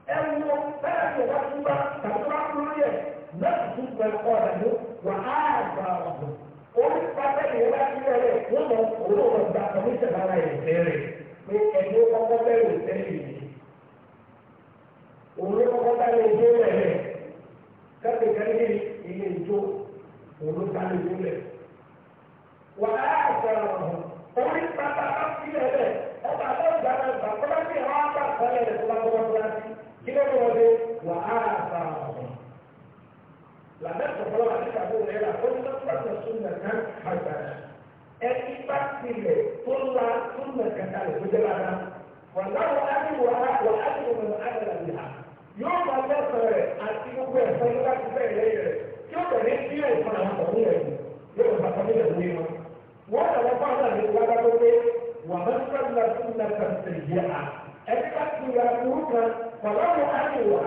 ẹ wo bẹ́ẹ̀ tó bá tún bá tàbí tó bá tún lóye náà tún gba ọ̀rọ̀ ló wà á gba ọ̀rọ̀ orí pápá ìwé bá tún lọ́lẹ̀ wọ́n mọ owó ọ̀rọ̀ gba kọ̀míṣẹ̀ bára ẹ̀ bẹ̀rẹ̀ pé ẹ̀yìn kọ́kọ́ bẹ̀rẹ̀ òtẹ́lì yìí òun ló kọ́kọ́ bá lè òun ló dá lórí lẹ̀. wàhálà àtọ̀rọ̀ ọ̀hún orí pátá bá sílẹ̀ lẹ̀ ọba tó gbà náà gbà kọ́lá sí àwọn àgbà àtàlẹ̀ rẹ̀ fúnra fúnra fúnra sí kí ló lọ́wọ́ dé wàhálà àtọ̀rọ̀ ọ̀hún. làbẹ́sọ̀ fọlọ́ àti ìṣàbò rẹ̀ rà ó ní lọ́sọ̀tọ̀ súnmọ̀ kan àgbà ẹtí bá sílẹ̀ tó la súnmọ̀ kẹta rẹ̀ tó jẹ́ lára wàhálà wàhálà wàhálà yóò máa bẹ́sẹ̀ rẹ̀ àti gbogbo ẹ̀fọ́ nígbà tí bẹ́ẹ̀ lẹ́yìn rẹ̀ yóò tẹ̀lé tí yóò fún àwọn ọ̀rọ̀ yẹn yóò fún àwọn ọ̀rọ̀ yẹn wọn. wọ́n tẹ̀lé fún àwọn àlejò wa dákọ́ pé wọ́n bá tún lọ sí ilẹ̀ kàtẹ́ yẹ à ẹni bá ti ra kúrú kan bàbá mi á yóò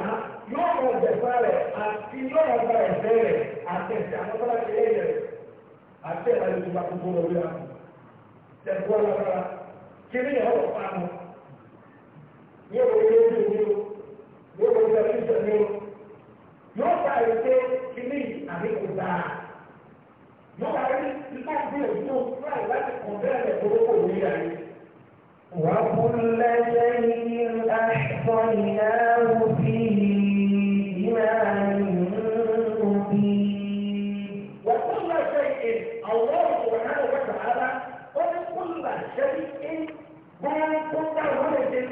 mọ ìjẹ̀fà rẹ̀ àti yóò mọ ìgbà ẹ̀fẹ́ rẹ̀ àtẹ̀sẹ̀ àwọn bá ti lé yẹn àti ẹ̀rọ yóò gba ète kìíní àbíkúta yóò gba rí nípa bí òjò fúláì láti kàn bẹ́ẹ̀ lẹ̀ kórókò ní ayé. وكل شيء أحصيناه في إمام مبين وكل شيء الله سبحانه وتعالى وكل شيء ما كنت هنا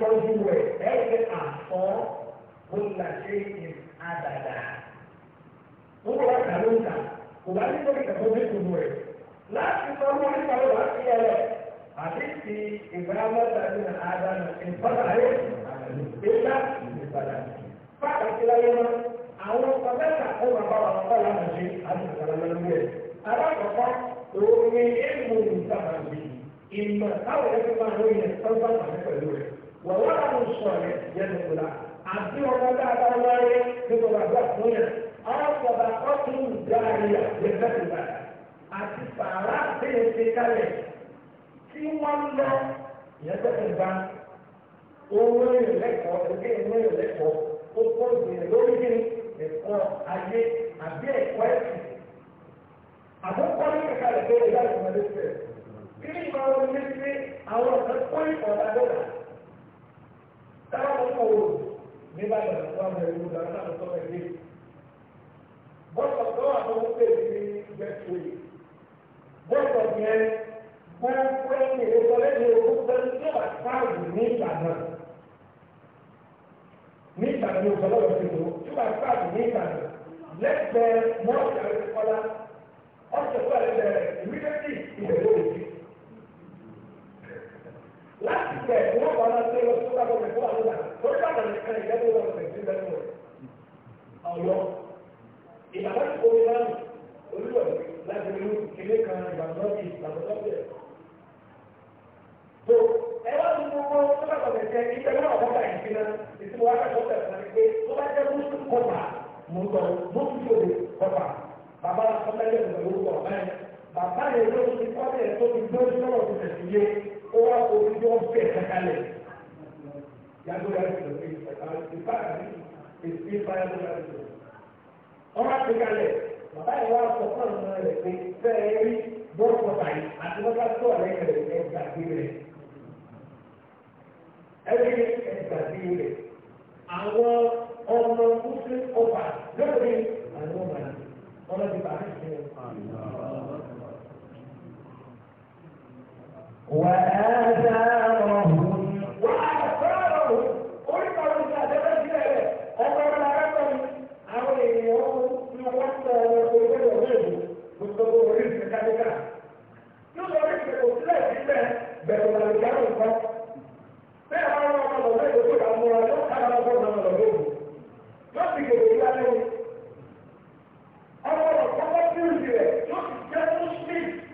tọ́jú rẹ̀ ẹ̀ẹ́dẹ́ àfọ́ bóyá ṣe é àdàdà. wọ́n bọ̀ wá kàló ń kà kò bá nígbà tí kàtó ní tòun rẹ̀ láti sọ wọ́n nípa ló wá sí ẹ̀rọ àti ti ìgbàlá tàbí àdánù ìfọ́nà rẹ̀ ìgbà ìgbàlá. fáàkì ti láyé wọn àwọn kọ̀mẹ́tà ó máa bá wọn kọ́ lánàá ṣe àti ìgbàlá lórí ẹ̀. alákọ̀ọ́kọ́ òun ni èèmù ìgbàlá ìmọ̀ táwọn ẹgbẹ́ máa ń lóye tó bá wà ní pẹ̀lú rẹ̀ wọ̀wọ́ làwọn sọ̀ yẹn yẹn ló la àti ọmọ dáadáa wáyé nínú bàbá fún yẹn ọ̀sọ̀bà ọ̀tún gbáàríyà yẹn bẹ́ẹ̀ lọ àti sàrà bẹ́ẹ̀ ṣe kalẹ̀ tí wọ́n lọ yẹn bẹ́ẹ̀ bá owó ìrẹ́kọ̀ọ́ ẹgbẹ́ ìwé ìrẹ́kọ̀ọ́ ó kọ́ ìgbìyànjú lórí ní ẹ̀kọ́ ayé àbí ẹ̀kọ́ ẹ̀sìn àkókò ní kẹta lè fẹ́ ìyá ìmọ̀lẹ́sẹ̀ kí ni ìmọ̀ ọ̀rọ̀ ní pé àwọn ọ̀sẹ̀ kọ́ ìmọ̀ ọ̀dà lọ́la táwọn ọkọ̀ wò ní bàbá ìwà rẹ̀ ló dára náà lọ́tọ́ rẹ̀ dé. bọ́sọ̀ tó wà o ń pè o gẹ̀ẹ́sì n'i bọ́sọ̀ yẹn gbogbo ẹni èso lẹ́nu owó pẹ̀lú tí wà sáàlù ní ìgbàdàn ní ìgbàdàn ní ìgbàdàn lọ́wọ́ ìṣòro tí wà sáàlù ní ìgbàdàn láti bẹ̀ ní wọ́n bá náà tẹ́ lọ sí ọ̀gá ọ̀gá ìfowó àlọ́dà torí bàtà nìkan ìdájọ́ ìwọ̀n ọ̀gá ìfowó bẹ́ẹ̀ lọ. ọ̀yọ́ ìbàdàn ti omi náà olúwọ̀ láti rí ilé kan ìbàdàn ìbàdàn bẹ̀. tó ẹ wá ní gbogbo tó bá gbọ̀dọ̀ kẹ ìgbẹ́ náà ọ̀gá bá yìí finá ìsinmi wá kàtó bẹ̀ fún mi pé tó bá jẹ́ mùsùlùmí kọ́pà mú lọ mùsùlùmí kọ́pà bàbá ọ̀gá ilé ìgbàlódé ọ̀gá yẹn bàbá yẹn ló ti kọ́ ó wá orí yóò bẹ̀ kankanlẹ̀ yàtọ̀ yàtọ̀ lọ pé ìfà àti èsì ìfà yàtọ̀ yàtọ̀ lọ. ọmọ àti kalẹ̀ bàbá yìí wá sọ fún ọ̀nà rẹ̀ pé fẹ́ẹ́ rí bọ́ọ̀lù kọta yìí àti bọ́ọ̀lù tó ọ̀rẹ́ rẹ̀ ẹgbà dé rẹ̀. ẹgbẹ́ ẹgbà dé rẹ̀ àwọn ọmọ mùsùlùmí ọba lórí àwọn ọmọ àti ọmọ ti bàbá ìṣẹ́ وآثارهم وآثارهم قلت لك أتبت لك أقرأ لكم عمل يوم في وقت يقول لك بالضبط رزق كذلك يقول رزق قلت لك إذا بل ما يجعل الفقر فأنا أقول لك يقول أمور الله أنا أقول لك أنا أقول ما في كذلك أنا أقول لك أنا أقول لك يقول لك مسلم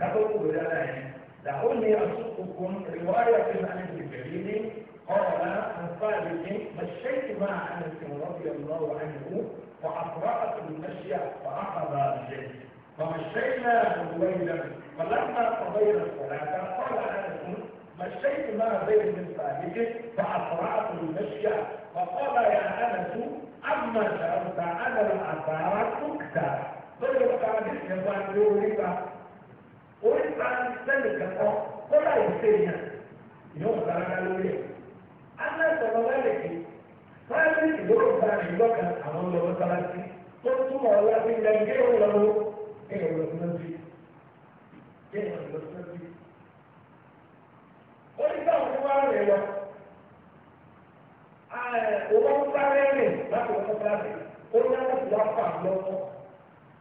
كتبوا بدلائل لعلي أصدقكم رواية عن ابن الجليل قال عن ثابت مشيت مع أنس رضي الله عنه فأطرأت المشي فأخذ الجيش فمشينا دويلا فلما قضينا الصلاة قال أنس مشيت مع زيد بن ثابت فأطرأت المشي فقال يا أنس أما شربت أنا الأثار تكتب ضرب أنس يقول oríta sẹ́ni kankan kọ́lá ìṣe yẹn yóò gbàgbà lórí ẹ̀. alẹ́sọ̀rọ̀ lẹ́lẹ̀kì ọla lóró gbàgbà ìlọ́kàn àwọn ọmọ sára sí tó túmọ̀ ọ̀la sí ilẹ̀ ńgé òǹlọ́wọ́ ẹ̀yọ̀ lọ́sọ̀ọ́sì ẹ̀yọ̀ lọ́sọ̀ọ́sì. oríta òkú wa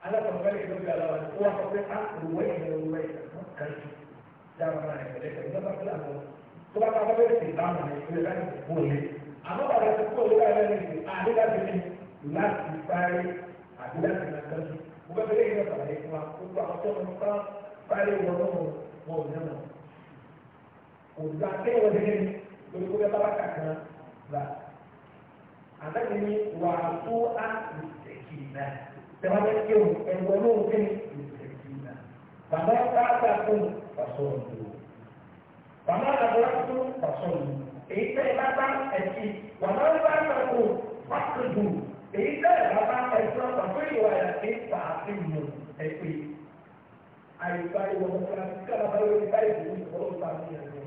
ala ka mɔgɔ yɛrɛ bila la o b'a fɔ ko a o wa yɛrɛ o wa yɛrɛ o ka ɲi da ma na yɛrɛ ka ɲɛ ma kila kɔ to ka taa bɛ sen ba ma na yɛrɛ ka ɲi k'o ye a ma ba la ko k'o ye ka yɛrɛ de ale ka tɛmɛ la ti fa ye a bɛ la tɛmɛ ka ɲi o bɛ fɛ yɛrɛ fara ye kuma o ba ko tɔn fa fa ye wɔlɔ mɔ mɔ o ɲɛma o la kɛ o de ye o de ko bɛ baba ka kan la a ka ɲini wa a to a sɛgɛn na tẹ̀wọ́n bẹ́ẹ̀ kí o ẹ̀wọ̀n ló ń kí ni. Bàbá káàkà fún pàṣọ ìlú. Bàbá àgbà fún pàṣọ ìlú. Èyí tẹ́ ẹ bá bá ẹ̀kí. Bàbá bá bá fún pàṣẹjù. Èyí tẹ́ ẹ bá bá ẹ̀kí ọ̀pá fún ìwà ẹ̀ kí pa àfihàn ẹ̀kí. Àyùká ìwọ̀n kan kára bá lórí báyìí fún ìfọwọ́ ìfà ní ẹ̀kọ́.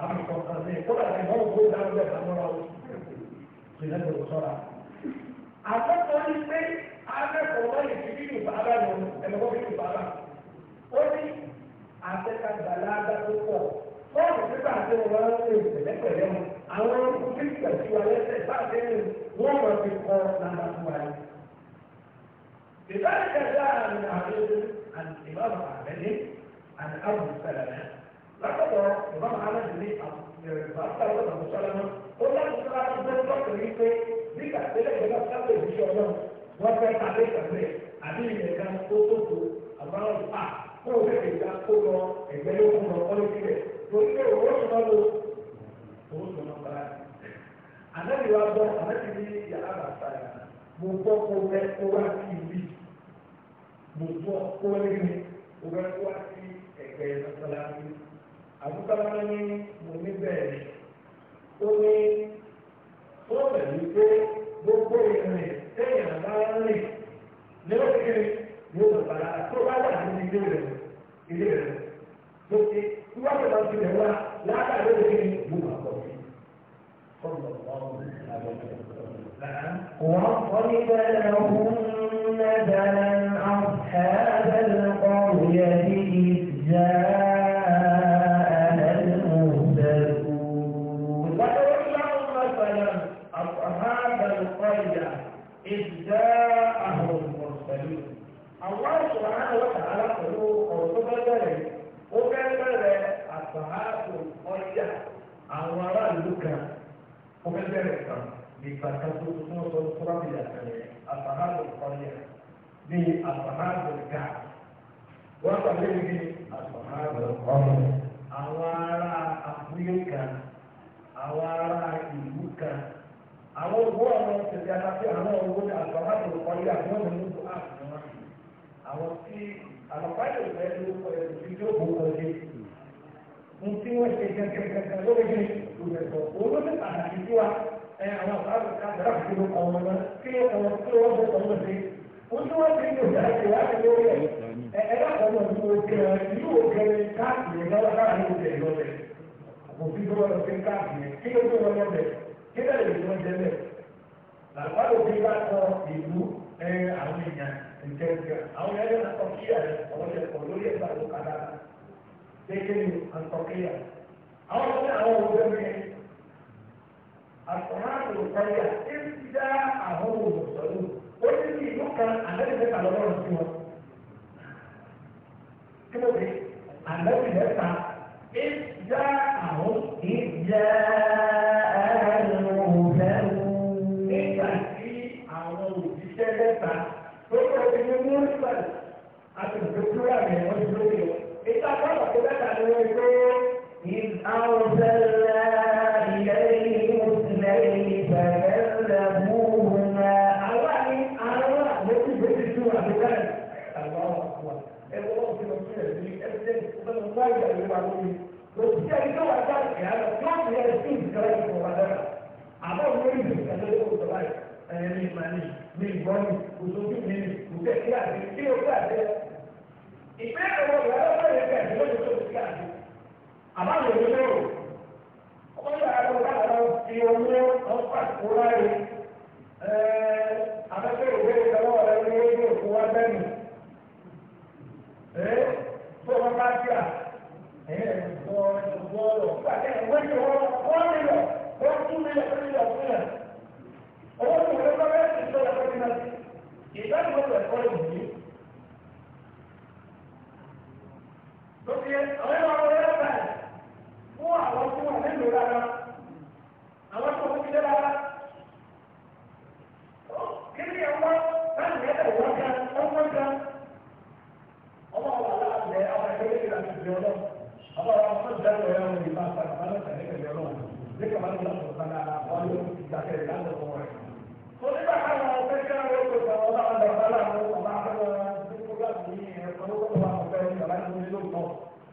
Àmì kọ̀ọ̀kan sí kódà ní wọ́n kó dáhùn bẹ́ẹ̀ bá mọ́ra o. Ṣèlè akẹ́kọ̀ọ́ wáyé ti bí ìbára lọ ẹ̀mọ́kọ́ bí ìbára ó ní àtẹ́kàgbàlágbà tó pọ̀ fọ́ọ̀mù nígbà tí wọ́n máa ń lè pẹ̀lẹ́pẹ̀lẹ́ mu àwọn onígbà tí wọ́n lẹ́sẹ̀ bá dé ní wọ́n máa fi kọ́ nàbà fún wa yìí. ìbáraẹ̀kẹ́ láàrin àbẹ̀lẹ́ àti ìbámu àbẹ̀lẹ́ àti àbùkù sẹ̀lẹ̀ lápapọ̀ ìbámu alájùlé àbùkù sẹ̀lẹ̀ wọ́n fẹ́ tàbí kàfẹ́ àbí ilẹ̀ kan tó tóko àbáwọn ìfà tó o fẹ́ ìgbà kó lọ ẹgbẹ́ ló kún lọ kọ́lé sílẹ̀ torí pé owó tó lọ lo owó tó lọ bára. Ànábì wa gbọ́ ànábì ní yàrá bàtà yàrá. Mo gbọ́ kó fẹ́ kó wá sí ibi. Mo gbọ́ kó lé mi. Mo fẹ́ kó wá sí ẹgbẹ́ mọ́sálásí. Àbúkálá ní mo ní bẹ́ẹ̀ ni. Ó ní ó bẹ̀rù pé gbogbo ìrìn sẹ́yìn àbáyé lẹ́wọ́n kékeré yóò bọ̀ bàrà tó bá wà ní ilé rẹ̀ ilé rẹ̀ tó ti wọ́n tó bá ti rẹ̀ wá láàbà ló lè ní ìlú àpọ̀ sí. وَقَلِبَ لَهُمْ نَبَلًا أَصْحَابَ الْقَرْيَةِ إِذْ àtàlánù kọ́lẹ̀ bí àtàlánù gà wọ́n sọ pé bí àtàlánù kọ́lẹ̀ àwọn ará Áfíríkà àwọn ará ìlú kan àwọn owó ọ̀rọ̀ tẹ̀lé àti àwọn owó àtàlánù kọ́lẹ̀ àwọn ọmọ ìlú àtàlánù àwọn tí àlọ́pàá ìfẹ́ ló kọ ẹ̀rù tí yóò bó wọlé ohun tí wọ́n ṣe gẹ́gẹ́ gẹ́gẹ́ lórí ìgbésọ̀ olóṣèlú àti ìdíwá àwọn àgbàrá fi ló àwọn ọmọ kí ọmọ tí wọ́n bọ̀ ọmọ sí wọ́n tí wọ́n ti ń lò láti ṣe láti lórí ẹ̀ ẹ̀rọ ọmọ tí mo jẹ́ ìlú òkèrè káàkiri lọ́wọ́ káàkiri òkè lọ́bẹ̀ òfin tó wọ́n lọ sí káàkiri kí ló tó wọ́n lọ́bẹ̀ kí lẹ́yìn tí wọ́n jẹ́ bẹ̀ làwọn òfin bá sọ ìlú àwọn èèyàn ìjẹ́jẹ́ àwọn ẹ̀rọ àtọ̀kíyà ọ̀lọ́dẹ̀kọ̀ lórí ẹ̀gbà ló kàdá àtọ̀rọ̀ ìtàlíyà tí ń dá àwọn olùsọ̀rọ̀ ó ní kí ìlú kan àlẹ́bẹ̀ẹ́ta lọ́wọ́ sí wọn. kí ló dé àlẹ́bẹ̀ẹ́ta ń dá àwọn ìjà àwọn olùsọ̀rọ̀ nígbà tí àwọn òṣìṣẹ́ mẹ́ta tó ń lọ sí ní mọ́nífàlì àti ìdókòwò àmì ẹ̀wọ̀n ìdókòwò. ìta bọ́ọ̀lù tó mẹ́ta ni wọ́n ń gbé ìdáwọ̀ sẹ́lẹ̀. ẹni tó wà jáde kìlá lọ tó ń yẹ sí ìjọba ìfowó wa lọ́la àbọ̀ lórí ìlú ẹ̀rọ ìwé ìjọba ẹ̀rọ ní ìmàlì ní ìgbọ́nì òṣòfin mi ní òṣè kí àti kí o kí àti ìpínlẹ̀ ọ̀rọ̀ ìyá lọ́wọ́ yẹn kẹ́ ẹ̀dínwó ní oṣù kí àti àbá lè ní lóru wọ́n yà Lókè, ọ̀rẹ́ wa wọlé lọ́pàá, fún àwọn tí wọ́n nílò lára.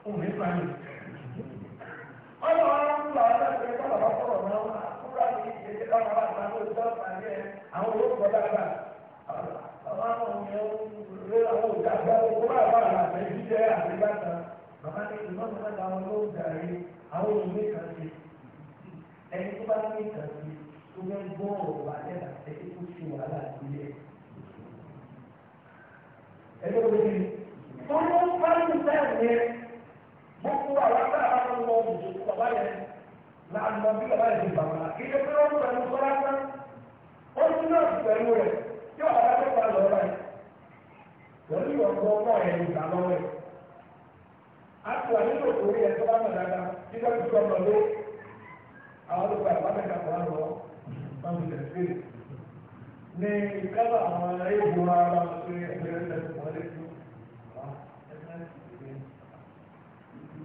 òun ìgbà yìí. ụlọ ọrụ ọrụ ọrụ ọrụ ọrụ ọrụ ọrụ ọrụ ọrụ ọrụ ọrụ ọrụ ọrụ gbogbo àwọn tá a bá lọ òjò na yẹn náà lọ bí bàbá yẹn ti bàbá kí ló pé wọn pẹ̀lú sọlá tán ó ní náà pẹ̀lú rẹ tí wọn bá tó pa lọ rẹ pẹ̀lú ìwọ̀nbọ ọmọ yẹn ìgbà lọ rẹ a ti wà nínú òkúri yẹn tó gba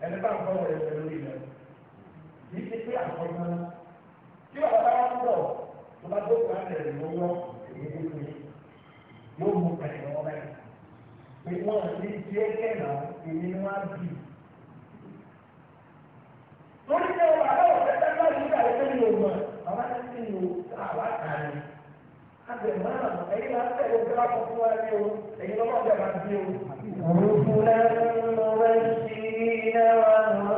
ẹni bá ń bọ̀ wọlé pẹ̀lú ilẹ̀ kì pé àkọ́nà tí bàbá bá ń bọ̀ tó bá tó kó àtẹ̀ rẹ̀ lọ́wọ́ èyí tó yẹ yóò mú pẹ̀lú wọn báyìí pé wọ́n ti di ẹgbẹ́ náà èyí ni wọ́n á bì lórí pé wọ́n àbá wọ̀ pẹ́pẹ́ bá yìí kàwé pé mi ò mọ̀ bàbá ti ti lò àwa kàní. Àgbẹ̀ máa ẹ̀yin máa ń tẹ̀lé ọjọ́ àkọ́kọ́ wa ní o, ẹ̀yin lọ́wọ́ ọ̀gbẹ̀ máa بنا وهو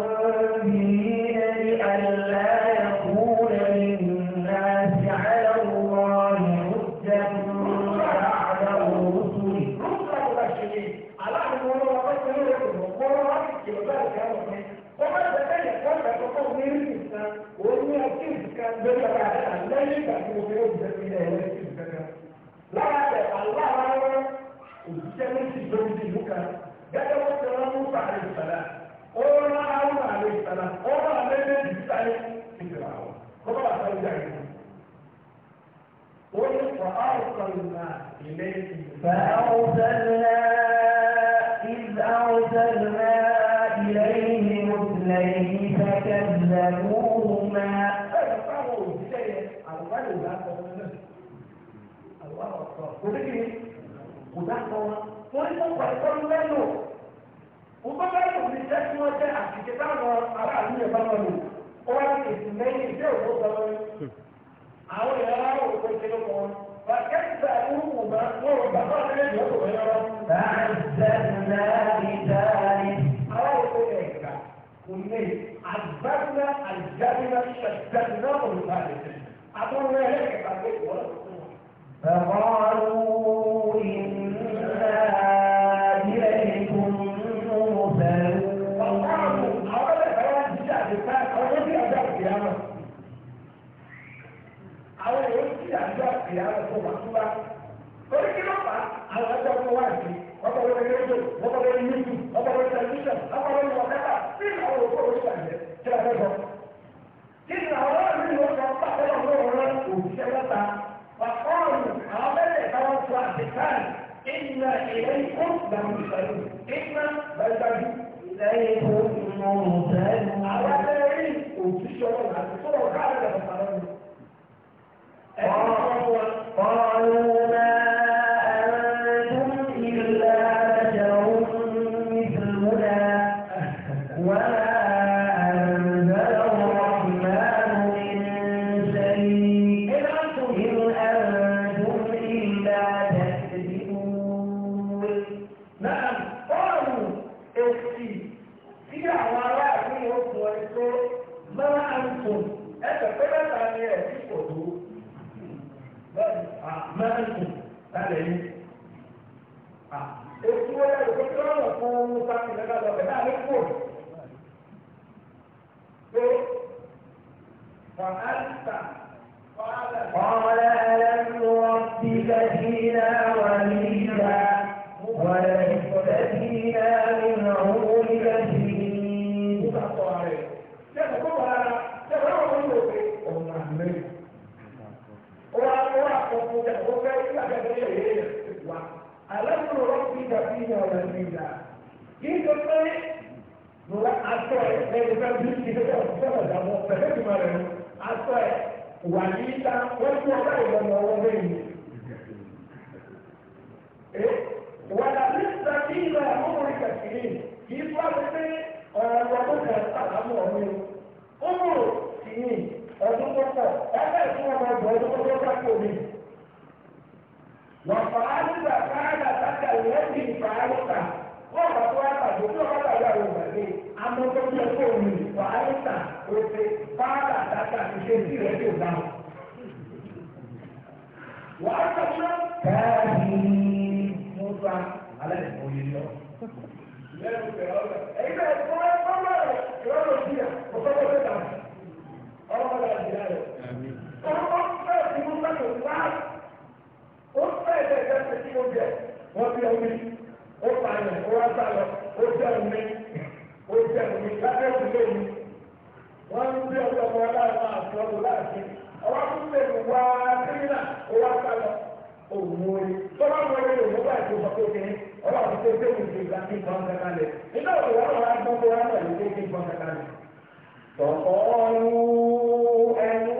فأرسلنا إليهم فأرسلنا إذ أرسلنا إليهم اثنين فكذبوهما Gbogbo bá yóò fi jẹ́ kí wọ́n jẹ́ àṣìṣe táwọn aráàlú yẹn bá wọn lò, ó wá ní èsì lẹ́yìn iṣẹ́ òwò sọ lórí. Àwọn ìyára òkú ìṣẹ́lẹ̀ kan فكيف أقوم بأمر بقى من يدعو فعززنا بذلك أو إليك قلني عززنا الجنة شددناه الثالث أقول لك فقالوا ìyá rẹ̀ fún wa fún wa. torí kí ló fà á àwọn ẹgbẹ́ ọkọ̀ wá sí ọkọ̀ lórí rédíò ọkọ̀ lórí yíṣù ọkọ̀ lórí tẹlifíṣàn ọkọ̀ lórí wọ̀tẹ́fà sí ìnáwó òkú òṣù àjẹ tí a fẹ́ sọ. kí ni àwọn ọ̀rẹ́ mi ló sọ pàtó ọ̀rọ̀ rẹ òṣìṣẹ́ lọ́ta wà kọ́ọ̀lù àwọn mẹ́tẹ̀ẹ̀ta wọn sọ àtẹ̀káàlì إِنَّا إِلَيْكُمْ لَمُرْسَلُونَ إِنَّا بَلْدَجُ إِلَيْكُمْ مُرْسَلُونَ Àwọn ẹgbẹ́ rí òtúnṣe ọlọ́run àti sọ́rọ̀ káàdì ọ̀sán lọ́rùn. قالوا قال ألم ربك فينا وليدا ولبثت فينا من عمرك سنين ألم ربك فينا وليدا aṣọ ẹ̀ wà ní ìta wọ́n tún ọ̀gá ìlọ́mọ ọwọ́ bẹ́ẹ̀ ni. wàlá ní sàkí ìlà ọmọrin kàkiri kì í fún abẹ́fẹ́ ọ̀rọ̀ ọgọ́ta àlámọ̀ ọ̀hún ọmọ sì ní ọdún tó pọ̀ ẹgbẹ́ ìfún ọmọ ọgbọ̀n ọdún tó pọ̀ kò ní. وفعلت فعلتك التي فعلت wọ́n bá tó wá pàdé tó wá pàdé àwọn ìgbàgbé amọ́tọ́jú ẹ̀kọ́ òní wàhálà òfin fáà látàkì ṣe sí rẹ̀ tó dá. Wà á sọ̀rọ̀ káàdì Mùsà alẹ́kùn yìí lọ. Lẹ́nu bẹ̀rẹ̀ ọ̀rẹ́. Èyí bẹ̀rẹ̀ fún ẹ fún ọmọ rẹ̀ lọ́rọ̀ sí à kò fọ́wọ́ fẹ́ tà. Ọmọ rẹ̀ ti rẹ̀. Ọmọ fẹ́ ti mú sọ́kò wá. Ó fẹ́ ẹ̀jẹ̀ kẹsẹ̀ sí oúnjẹ. Wọ́n fi omi. Ó pa ẹ̀ ó wá sá lọ. Ó jẹ́ omi. Ó jẹ́ omi lábẹ́ òkú lómi wọ́n ń gbé ọjọ́ ọmọ aláàbò àti ọ̀rọ̀ láàfin ọwọ́ tó lè wá kírílà owó àtàlọ́ òun orí tọ́lá wọlé òun bá ti sọ pé kí ọlọ́ àti pé kéwì ti gba kí nǹkan kan kalẹ̀ nígbà wo wọ́n wá gbọ́ pé wọ́n náà lè gbé kí nǹkan kan kalẹ̀. tọ̀kọ́ ọ̀rùn ẹnu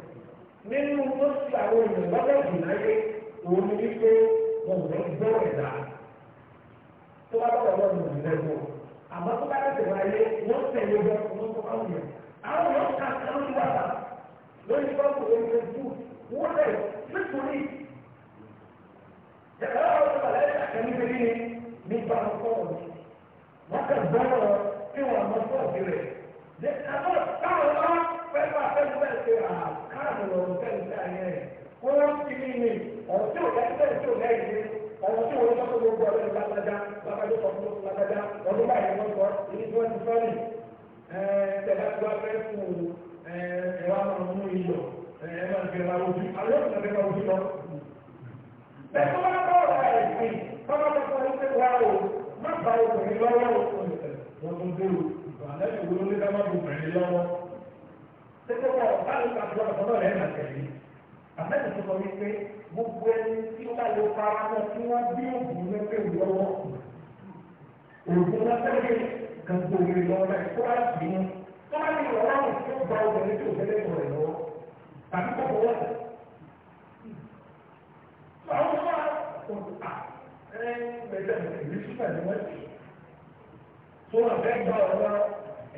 nínú tó ti àwọn èèyàn lọ́dọ̀ jù láyé òun ni wípé wọn ò ní gbọ́ ẹ̀dá tó bá bọ̀ lọ́dọ̀ jù lọ́dọ̀ jù àmọ́ tó bá tẹ̀sẹ̀ wáyé wọ́n tẹ̀lé bọ́ fún tó bá wùyà àwọn èèyàn ká kán wà bá lórí bọ́ọ̀kù lórí ojú wọ́n lẹ̀ nítorí yàrá ọ̀rọ̀ ìbàlẹ̀ àkànníbi ní nípa ọ̀pọ̀ wọ́n tẹ̀ gbọ́ lọ sí wọn àmọ́ fọ́ọ̀kì rẹ̀ pẹ́pà fẹ́ẹ́ fẹ́ẹ́ ṣe àhà káàdì lọ́rùn fẹ́ẹ́ ṣe àyẹ̀ rẹ̀ wọ́n wá sí ní ní ọ̀rọ̀ tí ò lẹ́yìn fẹ́ẹ́ tí ò lẹ́yìn ní ọ̀rọ̀ tí òun sọ́kò gbogbo ọ̀rẹ́ ní lágbájá lágbájá sọ̀tún tẹ́tẹ́ wọ báyìí ká tó ọ̀dọ̀ náà lẹ́yìn àtẹ̀lé àmẹ́tì tó sọ wípé gbogbo ẹni tí ó bá lè fara náà tí wọ́n bí òògùn náà pé lọ́wọ́ òògùn náà tẹ́lẹ̀ gbogbo òwe lọ́wọ́ náà tó wá sí i tó wá ní ìrọ̀lá òun tó gba obìnrin tó fẹ́lẹ́ bọ̀ rẹ̀ lọ́wọ́ tàbí kò fọwọ́ sí. àwọn ọmọ ọ̀gá ẹ ẹgbẹ́ ìlú súpà ni wọ́n ti tó àbẹ́gbà ọ̀rọ̀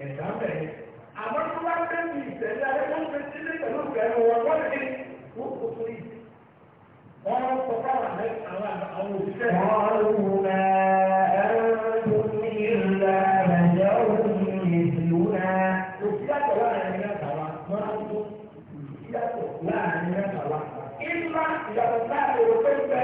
ẹ̀dá bẹ̀rẹ̀ àmọ́ tó bá fẹ́ mi ìtẹ̀lé ayé tó ń fẹ́ sílé pẹ̀lú ìgbẹ́rù wọn wọ́n lè wọ́n kò tó yìí. wọ́n sọ fáwọn àwọn òṣìṣẹ́. wọ́n lù náà ẹ̀rọ ní ìlà òṣìṣẹ́ láàrin mẹ́ta wa máa ń wa. ìlà ìyàtọ̀ láàrin òpẹ́pẹ́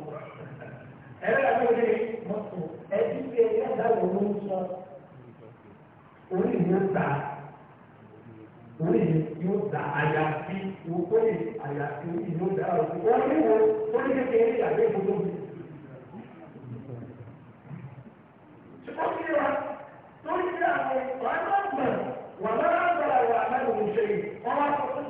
ẹ̀rọ àgbèrè mọ́tò ẹbí tí ẹ̀rí àdáwò ló ń sọ orí ìlú ta orí ìlú ta àyàfi òkúrè àyàfi ìlú ta orí wo orí kékeré àgbẹ̀ gbogbo mi. ṣùgbọ́n kí ni wa lórí ilé àwọn ọ̀rọ̀ àgbẹ̀ wà lọ́wọ́ àgbàlá wà láwọn òṣèré wọ́n wá sọ fún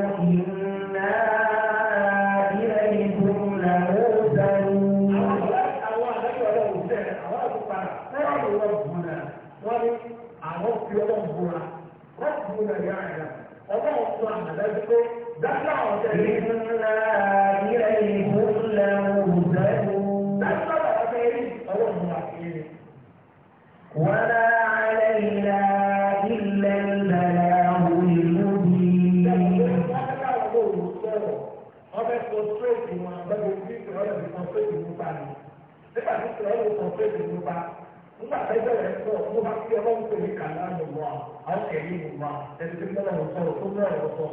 náà yá àyà ọwọ́ ọ̀tún àmàlẹ́ pé dáná ọ̀tẹ̀ ní ńlá ilé ìmúlẹ̀ òwúrẹ́nu. dáná ọ̀tẹ̀ yìí ọwọ́ ọ̀tún àkíyèrè. ولا علينا إلا البلاغ المبين. ọbẹ̀ kọ́ńtréètì wọn abẹ́wò fífi ọ̀rẹ́ mi nígbà tá ẹ bẹ̀rẹ̀ sọ mo bá fi ọlọ́run pè ní kàlánù wa àwọn ẹ̀rí mi wa ẹni tó mọ̀ ọ́ sọ̀rọ̀ tó mọ̀ ọ́ sọ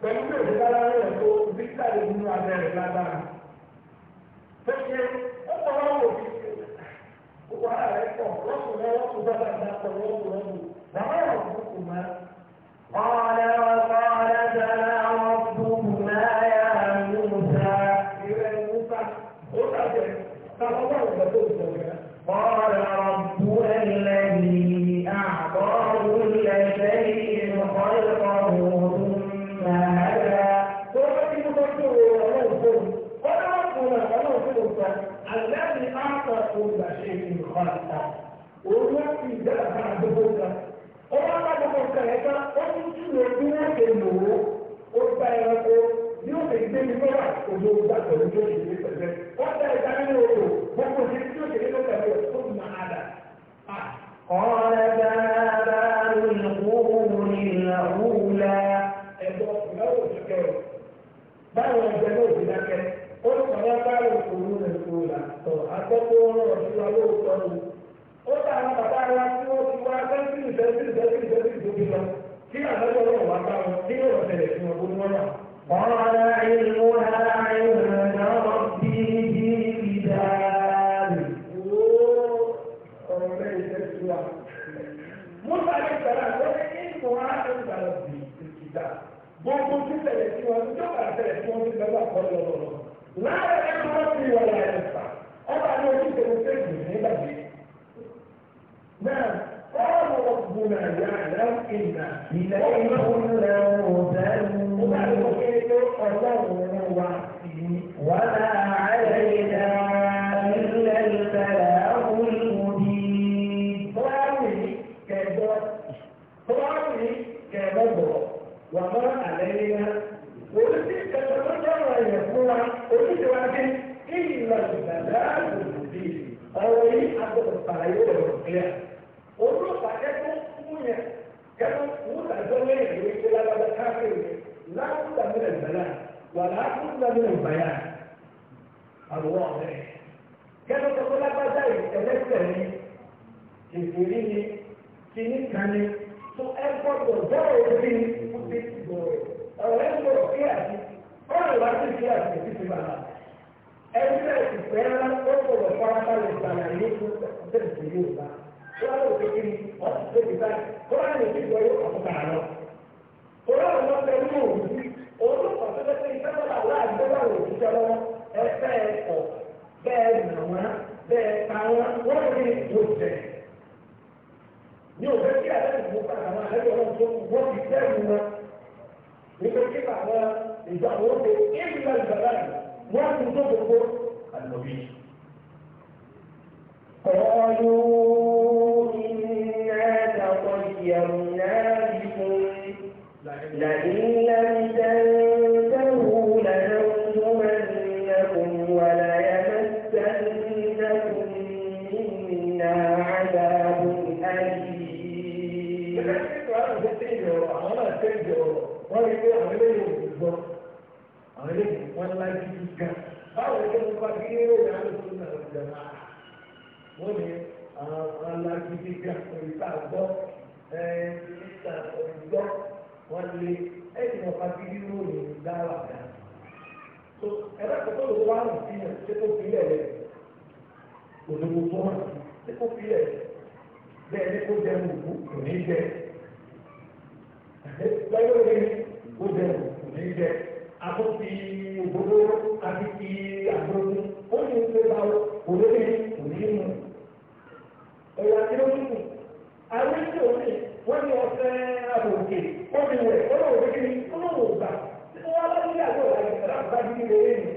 pẹ̀lú pé òṣèlú alára rẹ̀ tó bíkítà lè nínú abẹ́ rẹ̀ lágbára tó ṣe ó kọ́ wá wò gbogbo ara rẹ̀ pọ̀ lọ́sùn rẹ̀ lọ́sùn bá bá pọ̀ lọ́sùn wúwúlá ẹ̀dọ́ ìnáwó ti kẹ́ ọ̀ báwo ẹgbẹ́ náà ti dákẹ́ ó ní ọ̀rẹ́ báwo òun rẹ̀ kò là tọ̀ agbẹ́kọ̀ ọ̀rọ̀ sí wa yóò tọ́ ni ó dà wọn bàbá wa tí wọ́n ti wá sẹ́ńtì sẹ́ńtì sẹ́ńtì sẹ́ńtì tó ti lọ kí àgbẹ̀kọ̀ ọ̀rọ̀ wá bá wọn kí yóò tẹ̀lẹ̀ fún ọdún wọn náà. قال علمها عند ربي في كتاب موسى عليه السلام ipò arábìnrin náà bì ìkìlá gbogbo tí tẹ̀lé tí wọn tí wọn bá tẹ̀lé tí wọn ti lọ́wọ́ àkọọ́lẹ̀ lọ́wọ́ láàárẹ̀ ẹ̀rọ wọn ti wọ̀ láyé nípa ọba ní ojú ìṣèlú fèjì nígbà tí náà ọ̀rọ̀ ọ̀gbun náà yà á ìnà ìlẹ̀ ìlọ́wọ́ náà wa ìkẹta tó dára yẹn fún wa oníṣẹ́wájú kí ìlà ìgbàlá àgùntàn bí ọ̀rọ̀ yìí agbọ̀dọ̀ pàlàyé ọ̀rọ̀ kílẹ̀. olùkọ́ akẹ́kọ̀ọ́ fún yẹn kẹ́kọ̀ọ́ fún ìdájọ́ lẹ́yìn ìwé tó lágbàdá káàkiri láàbùdà mílẹ̀ ìgbàlá wà láàbùdà mílẹ̀ ìgbàyà àbúrò ọ̀rẹ́. kẹ́kọ̀ọ́ tó lágbàdá ẹlẹ́sẹ̀ ni ìfòrí ni kìíní kan ni tó ẹgbọ́dọ̀ bọ́ọ̀rù bí ọ̀rẹ́ ń bọ̀ kí àti ó lè wá ìṣe àti ìṣe bàbá ẹgbẹ́ ìfẹ́ ńlá ó kò lọ farabalẹ̀ ìgbàlàyé fún ọ̀sẹ̀ ìṣèlú ìgbà tó wá lò kékeré ọ̀sẹ̀ ìgbà tó lè fi ìwọ̀yọ̀ ọ̀sẹ̀ àlọ́ torí àwọn ọmọ ẹgbẹ́ òun òun ló pàṣẹ pé ìfẹ́lọ́lá aláàgbéwà lò ti jọ lọ́wọ́ ẹgbẹ́ ẹ̀kọ́ bẹ́ẹ̀ nà wọ́n bẹ́ẹ̀ wọ́n wọ́n wọ́n ti tẹ́lu wọn nígbà kí bàbá ìgbà wo ṣe ìgbà ìgbàlá wọn á tún tó gbogbo àlọ́bí. قالوا إنا تطيرنا بكم لئن لم wọ́n ní alágídí bí tá a gbọ́ ẹ̀ẹ́dínísà ọ̀gbọ́ wọ́n lé ẹ̀yìn ọ̀pá gidi lónìí dára dá. tó ẹ̀rọ ìkọ́tọ̀ ló wá rùn sí yàn ṣé kó filẹ̀ rẹ̀ òdòdó tó hàn ṣé kó filẹ̀ bẹ́ẹ̀ ni kó jẹ òkú kò ní jẹ. lọ́yọ́ òde ni kó jẹ òkú kò ní jẹ. àtúntì òbòdó àti ti àgbọ̀dún ó ní ń pè báwo òde kò ní mú ẹ̀yà tí ó dúkù àwọn ẹgbẹ́ òní wọ́n ní ọ̀sẹ̀ àbòkè wọ́n ti wẹ̀ ọlọ́wọ́ gbé tí wọ́n wá lórí àgbọ̀ àgbà bá dídí lórí mi.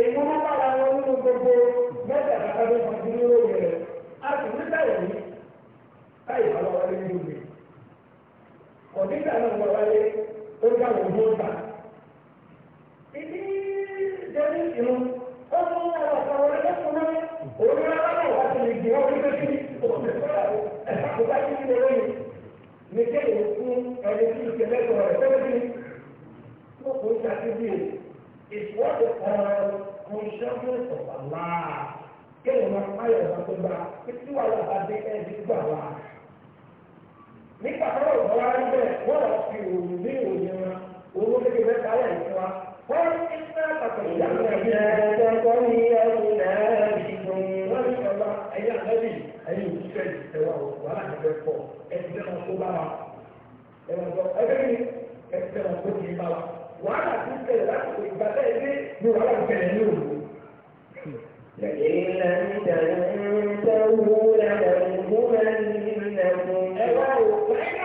èyí wọ́n bá ara wọn nínú gbogbo mẹ́ta àtàkàdé wọn ti lóró yẹn a sì ní báyìí ní báyìí bá wọlé nínú mi. ọ̀dígbà náà wọ́n wáyé ó dáwọ̀ ọdún ọgbà. ìdí jẹ́ ní ó ní àwọn ọ̀sán ọlọ́dẹ́kùn náà òun náà wà láwọn àti lè gbé wọn nígbà tí òun ti fẹ́ ẹ̀ka kó bá yín lé lóyún ní kéde fún ẹni tí ìṣẹ̀ lẹ́kọ̀ọ́ rẹ̀ fẹ́ bí mo kò ṣàkíyè ìṣúwọ́dẹ̀ kan conscience of Allah kéde máa páyọ̀ ọ̀sán tó gbà títí wà láti ẹni gbà wá. nígbà tó wà wá níbẹ̀ wọ́n lọ fi òun ní òun yẹn wọn òun ló kéde mẹ́ta wà ní fún wa kó bá wa ẹ̀wọ̀n sọ ẹgbẹ́ mi ẹ̀sẹ̀ wọn kó kì í bá wa wàhálà ti ń tẹ̀lé láti kò ìgbà tẹ̀ ẹgbẹ́ mi wàhálà ń tẹ̀lé ní òru. لئن لم تنتهوا لنرجمنكم àwọn gbogbo ọ̀rẹ́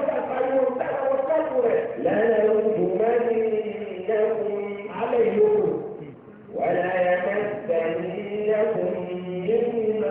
ìfàfàyò táwọn sọ́ọ̀kù rẹ̀. lẹ́nu ojú mẹ́rin lẹ́kùn alẹ́ yòókù wọ́n yà yà mẹ́sàn-án lẹ́kùn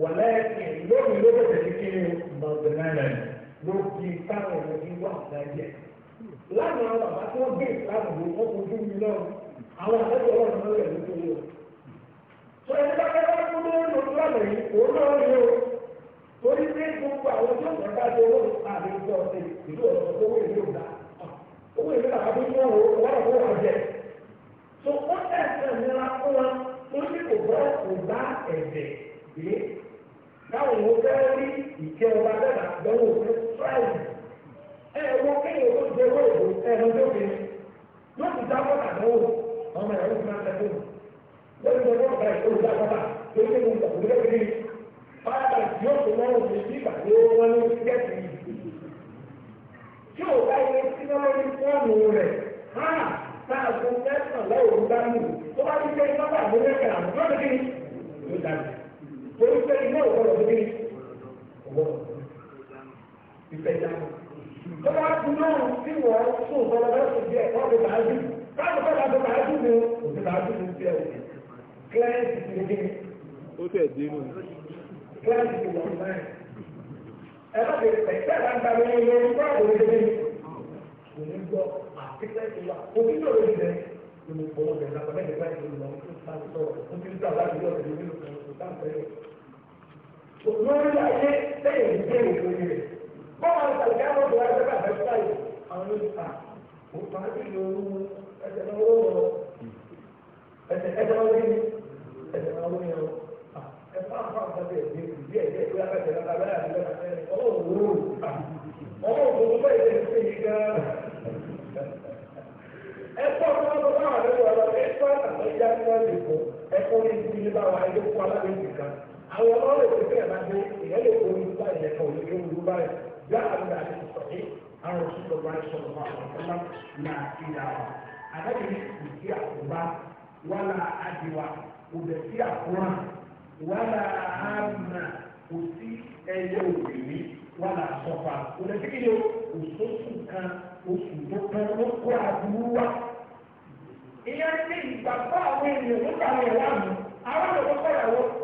wọ̀lẹ́ẹ̀kì lónìí ló bẹ̀rẹ̀ sí kí mọ̀gbẹ̀nẹ́rẹ̀ ló di táwọn èèyàn ní wà láyé. lánàá bàbá tí wọ́n gbé ìsìlámù ló wọ́n fojú mi náà àwọn àlejò ọlọ́run náà rẹ̀ ẹni bá kẹ́kọ̀ọ́ tó lórí lórí lọ́nà yìí òun náà rí o. torí pé gbogbo àwọn tó ń bá ṣe owó àlejò ọ̀sẹ̀ ìlú ọ̀sẹ̀ owó ìlú ọ̀dà owó ìlú bàbá tó ń wọ́n o wọ́n kó wà jẹ. so ó tẹ̀sán nira fún wa ó ní kò bọ́ kò bá ẹ̀jẹ̀ táwọn èèyàn fẹ́ rí ìkẹ́ ọba dára lọ́wọ́ òfin tíráìlì ẹ wọ́n kéèyàn tó jẹ́ owó ìbò ẹ̀rọ tó fi yóò ti dá bọ́tà lọ́wọ́ ọmọ ẹ̀rọ tó máa tẹ̀lé lórí ìjọba ọ̀gá ìṣòro dá bọ́tà lórí ìjọba ọ̀gá ìṣòro dá bọ́tà fáyà yóò tó lọ́wọ́ fi sí ìpàdé wọn ní tíkẹ́ẹ̀tì yìí tí ò bá yẹ sí lọ́wọ́ ní fọ́ọ̀mù rẹ̀ há táà fún mẹ́sàn-án lọ́wọ́ ń dá mú tó bá ti jẹ́ ìjọba àbúrẹ́kẹ̀ àbúrẹ́kẹ̀ ló dájú torí pé ilé ìwọ̀rọ̀ níbi ìwọ̀rọ̀ ìfẹ́ jáde. tó bá ti náà tí wọ́n sùn fọlọ́ bá sùn bí ẹ̀kọ́ ti bàá jù káàdì fẹ́ bá ti bàá jù ní òtí bàá jù ní bí ẹ̀wọ̀ kílẹ̀ǹsì ti dé. ó tẹ̀ dé nù. kílẹ̀ǹsì ti wọ̀n náà. ẹ bá ti pẹ̀ tẹ́ bá ń gba mi ní orí bá òun dé mi. kò ní gbọ́ àti kílẹ̀ǹsì wa òbí lòdì lórí ayé lẹ́yìn ìdílé ìdílé rẹ̀. Bọ́lá ìsàlẹ̀ àwọn ọ̀dọ́ ẹgbẹ́ bàbá báyìí àwọn ló ta. Mo fà á nílò ooru ẹsẹ̀ náà ó lọ. Ẹsẹ̀ ẹsẹ̀ wọn léyìn ẹsẹ̀ náà ó yẹ ọ. Ẹ fà á fà á sábẹ̀ ẹ̀dẹ́ ìdí ẹ̀dẹ́ ìdí abẹ́tẹ̀ náà lábẹ́ àdúgbò àti ọlọ́run wò ó. Ọlọ́run tó tó bẹ́ẹ̀ lè ṣe yìí gan. Ẹ̀kọ́ tó wọ́n tó bá àwọn ẹ̀rọ ọ̀rọ̀ ẹ̀kọ́ àtàkọ́ ìyá awọn ọrụ rẹ̀ ti fẹ́ bá dé ìyá lè kó ní bá ìyẹn kan òní ló ń báyìí já àwọn àti ọgbà àwọn ọgbà bá sọ̀rọ̀ bá kò sí àkóbá wàlà àdìwà kò sí wàlà àmà kò sí ẹyẹ wàlà kò òṣòṣù kan oṣù tó ló kó wa ní ìgbàgbọ́ àwọn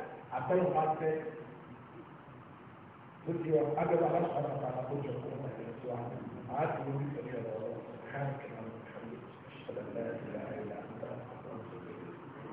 àtẹ̀yìn máa tẹ́ lókè ọ abẹ́rẹ́ aláṣọ àti àkójọ fún ọmọ ẹ̀rọ tó wà á ti lórí ẹ̀rọ ọ̀rọ̀ káàkiri àwọn ọ̀rọ̀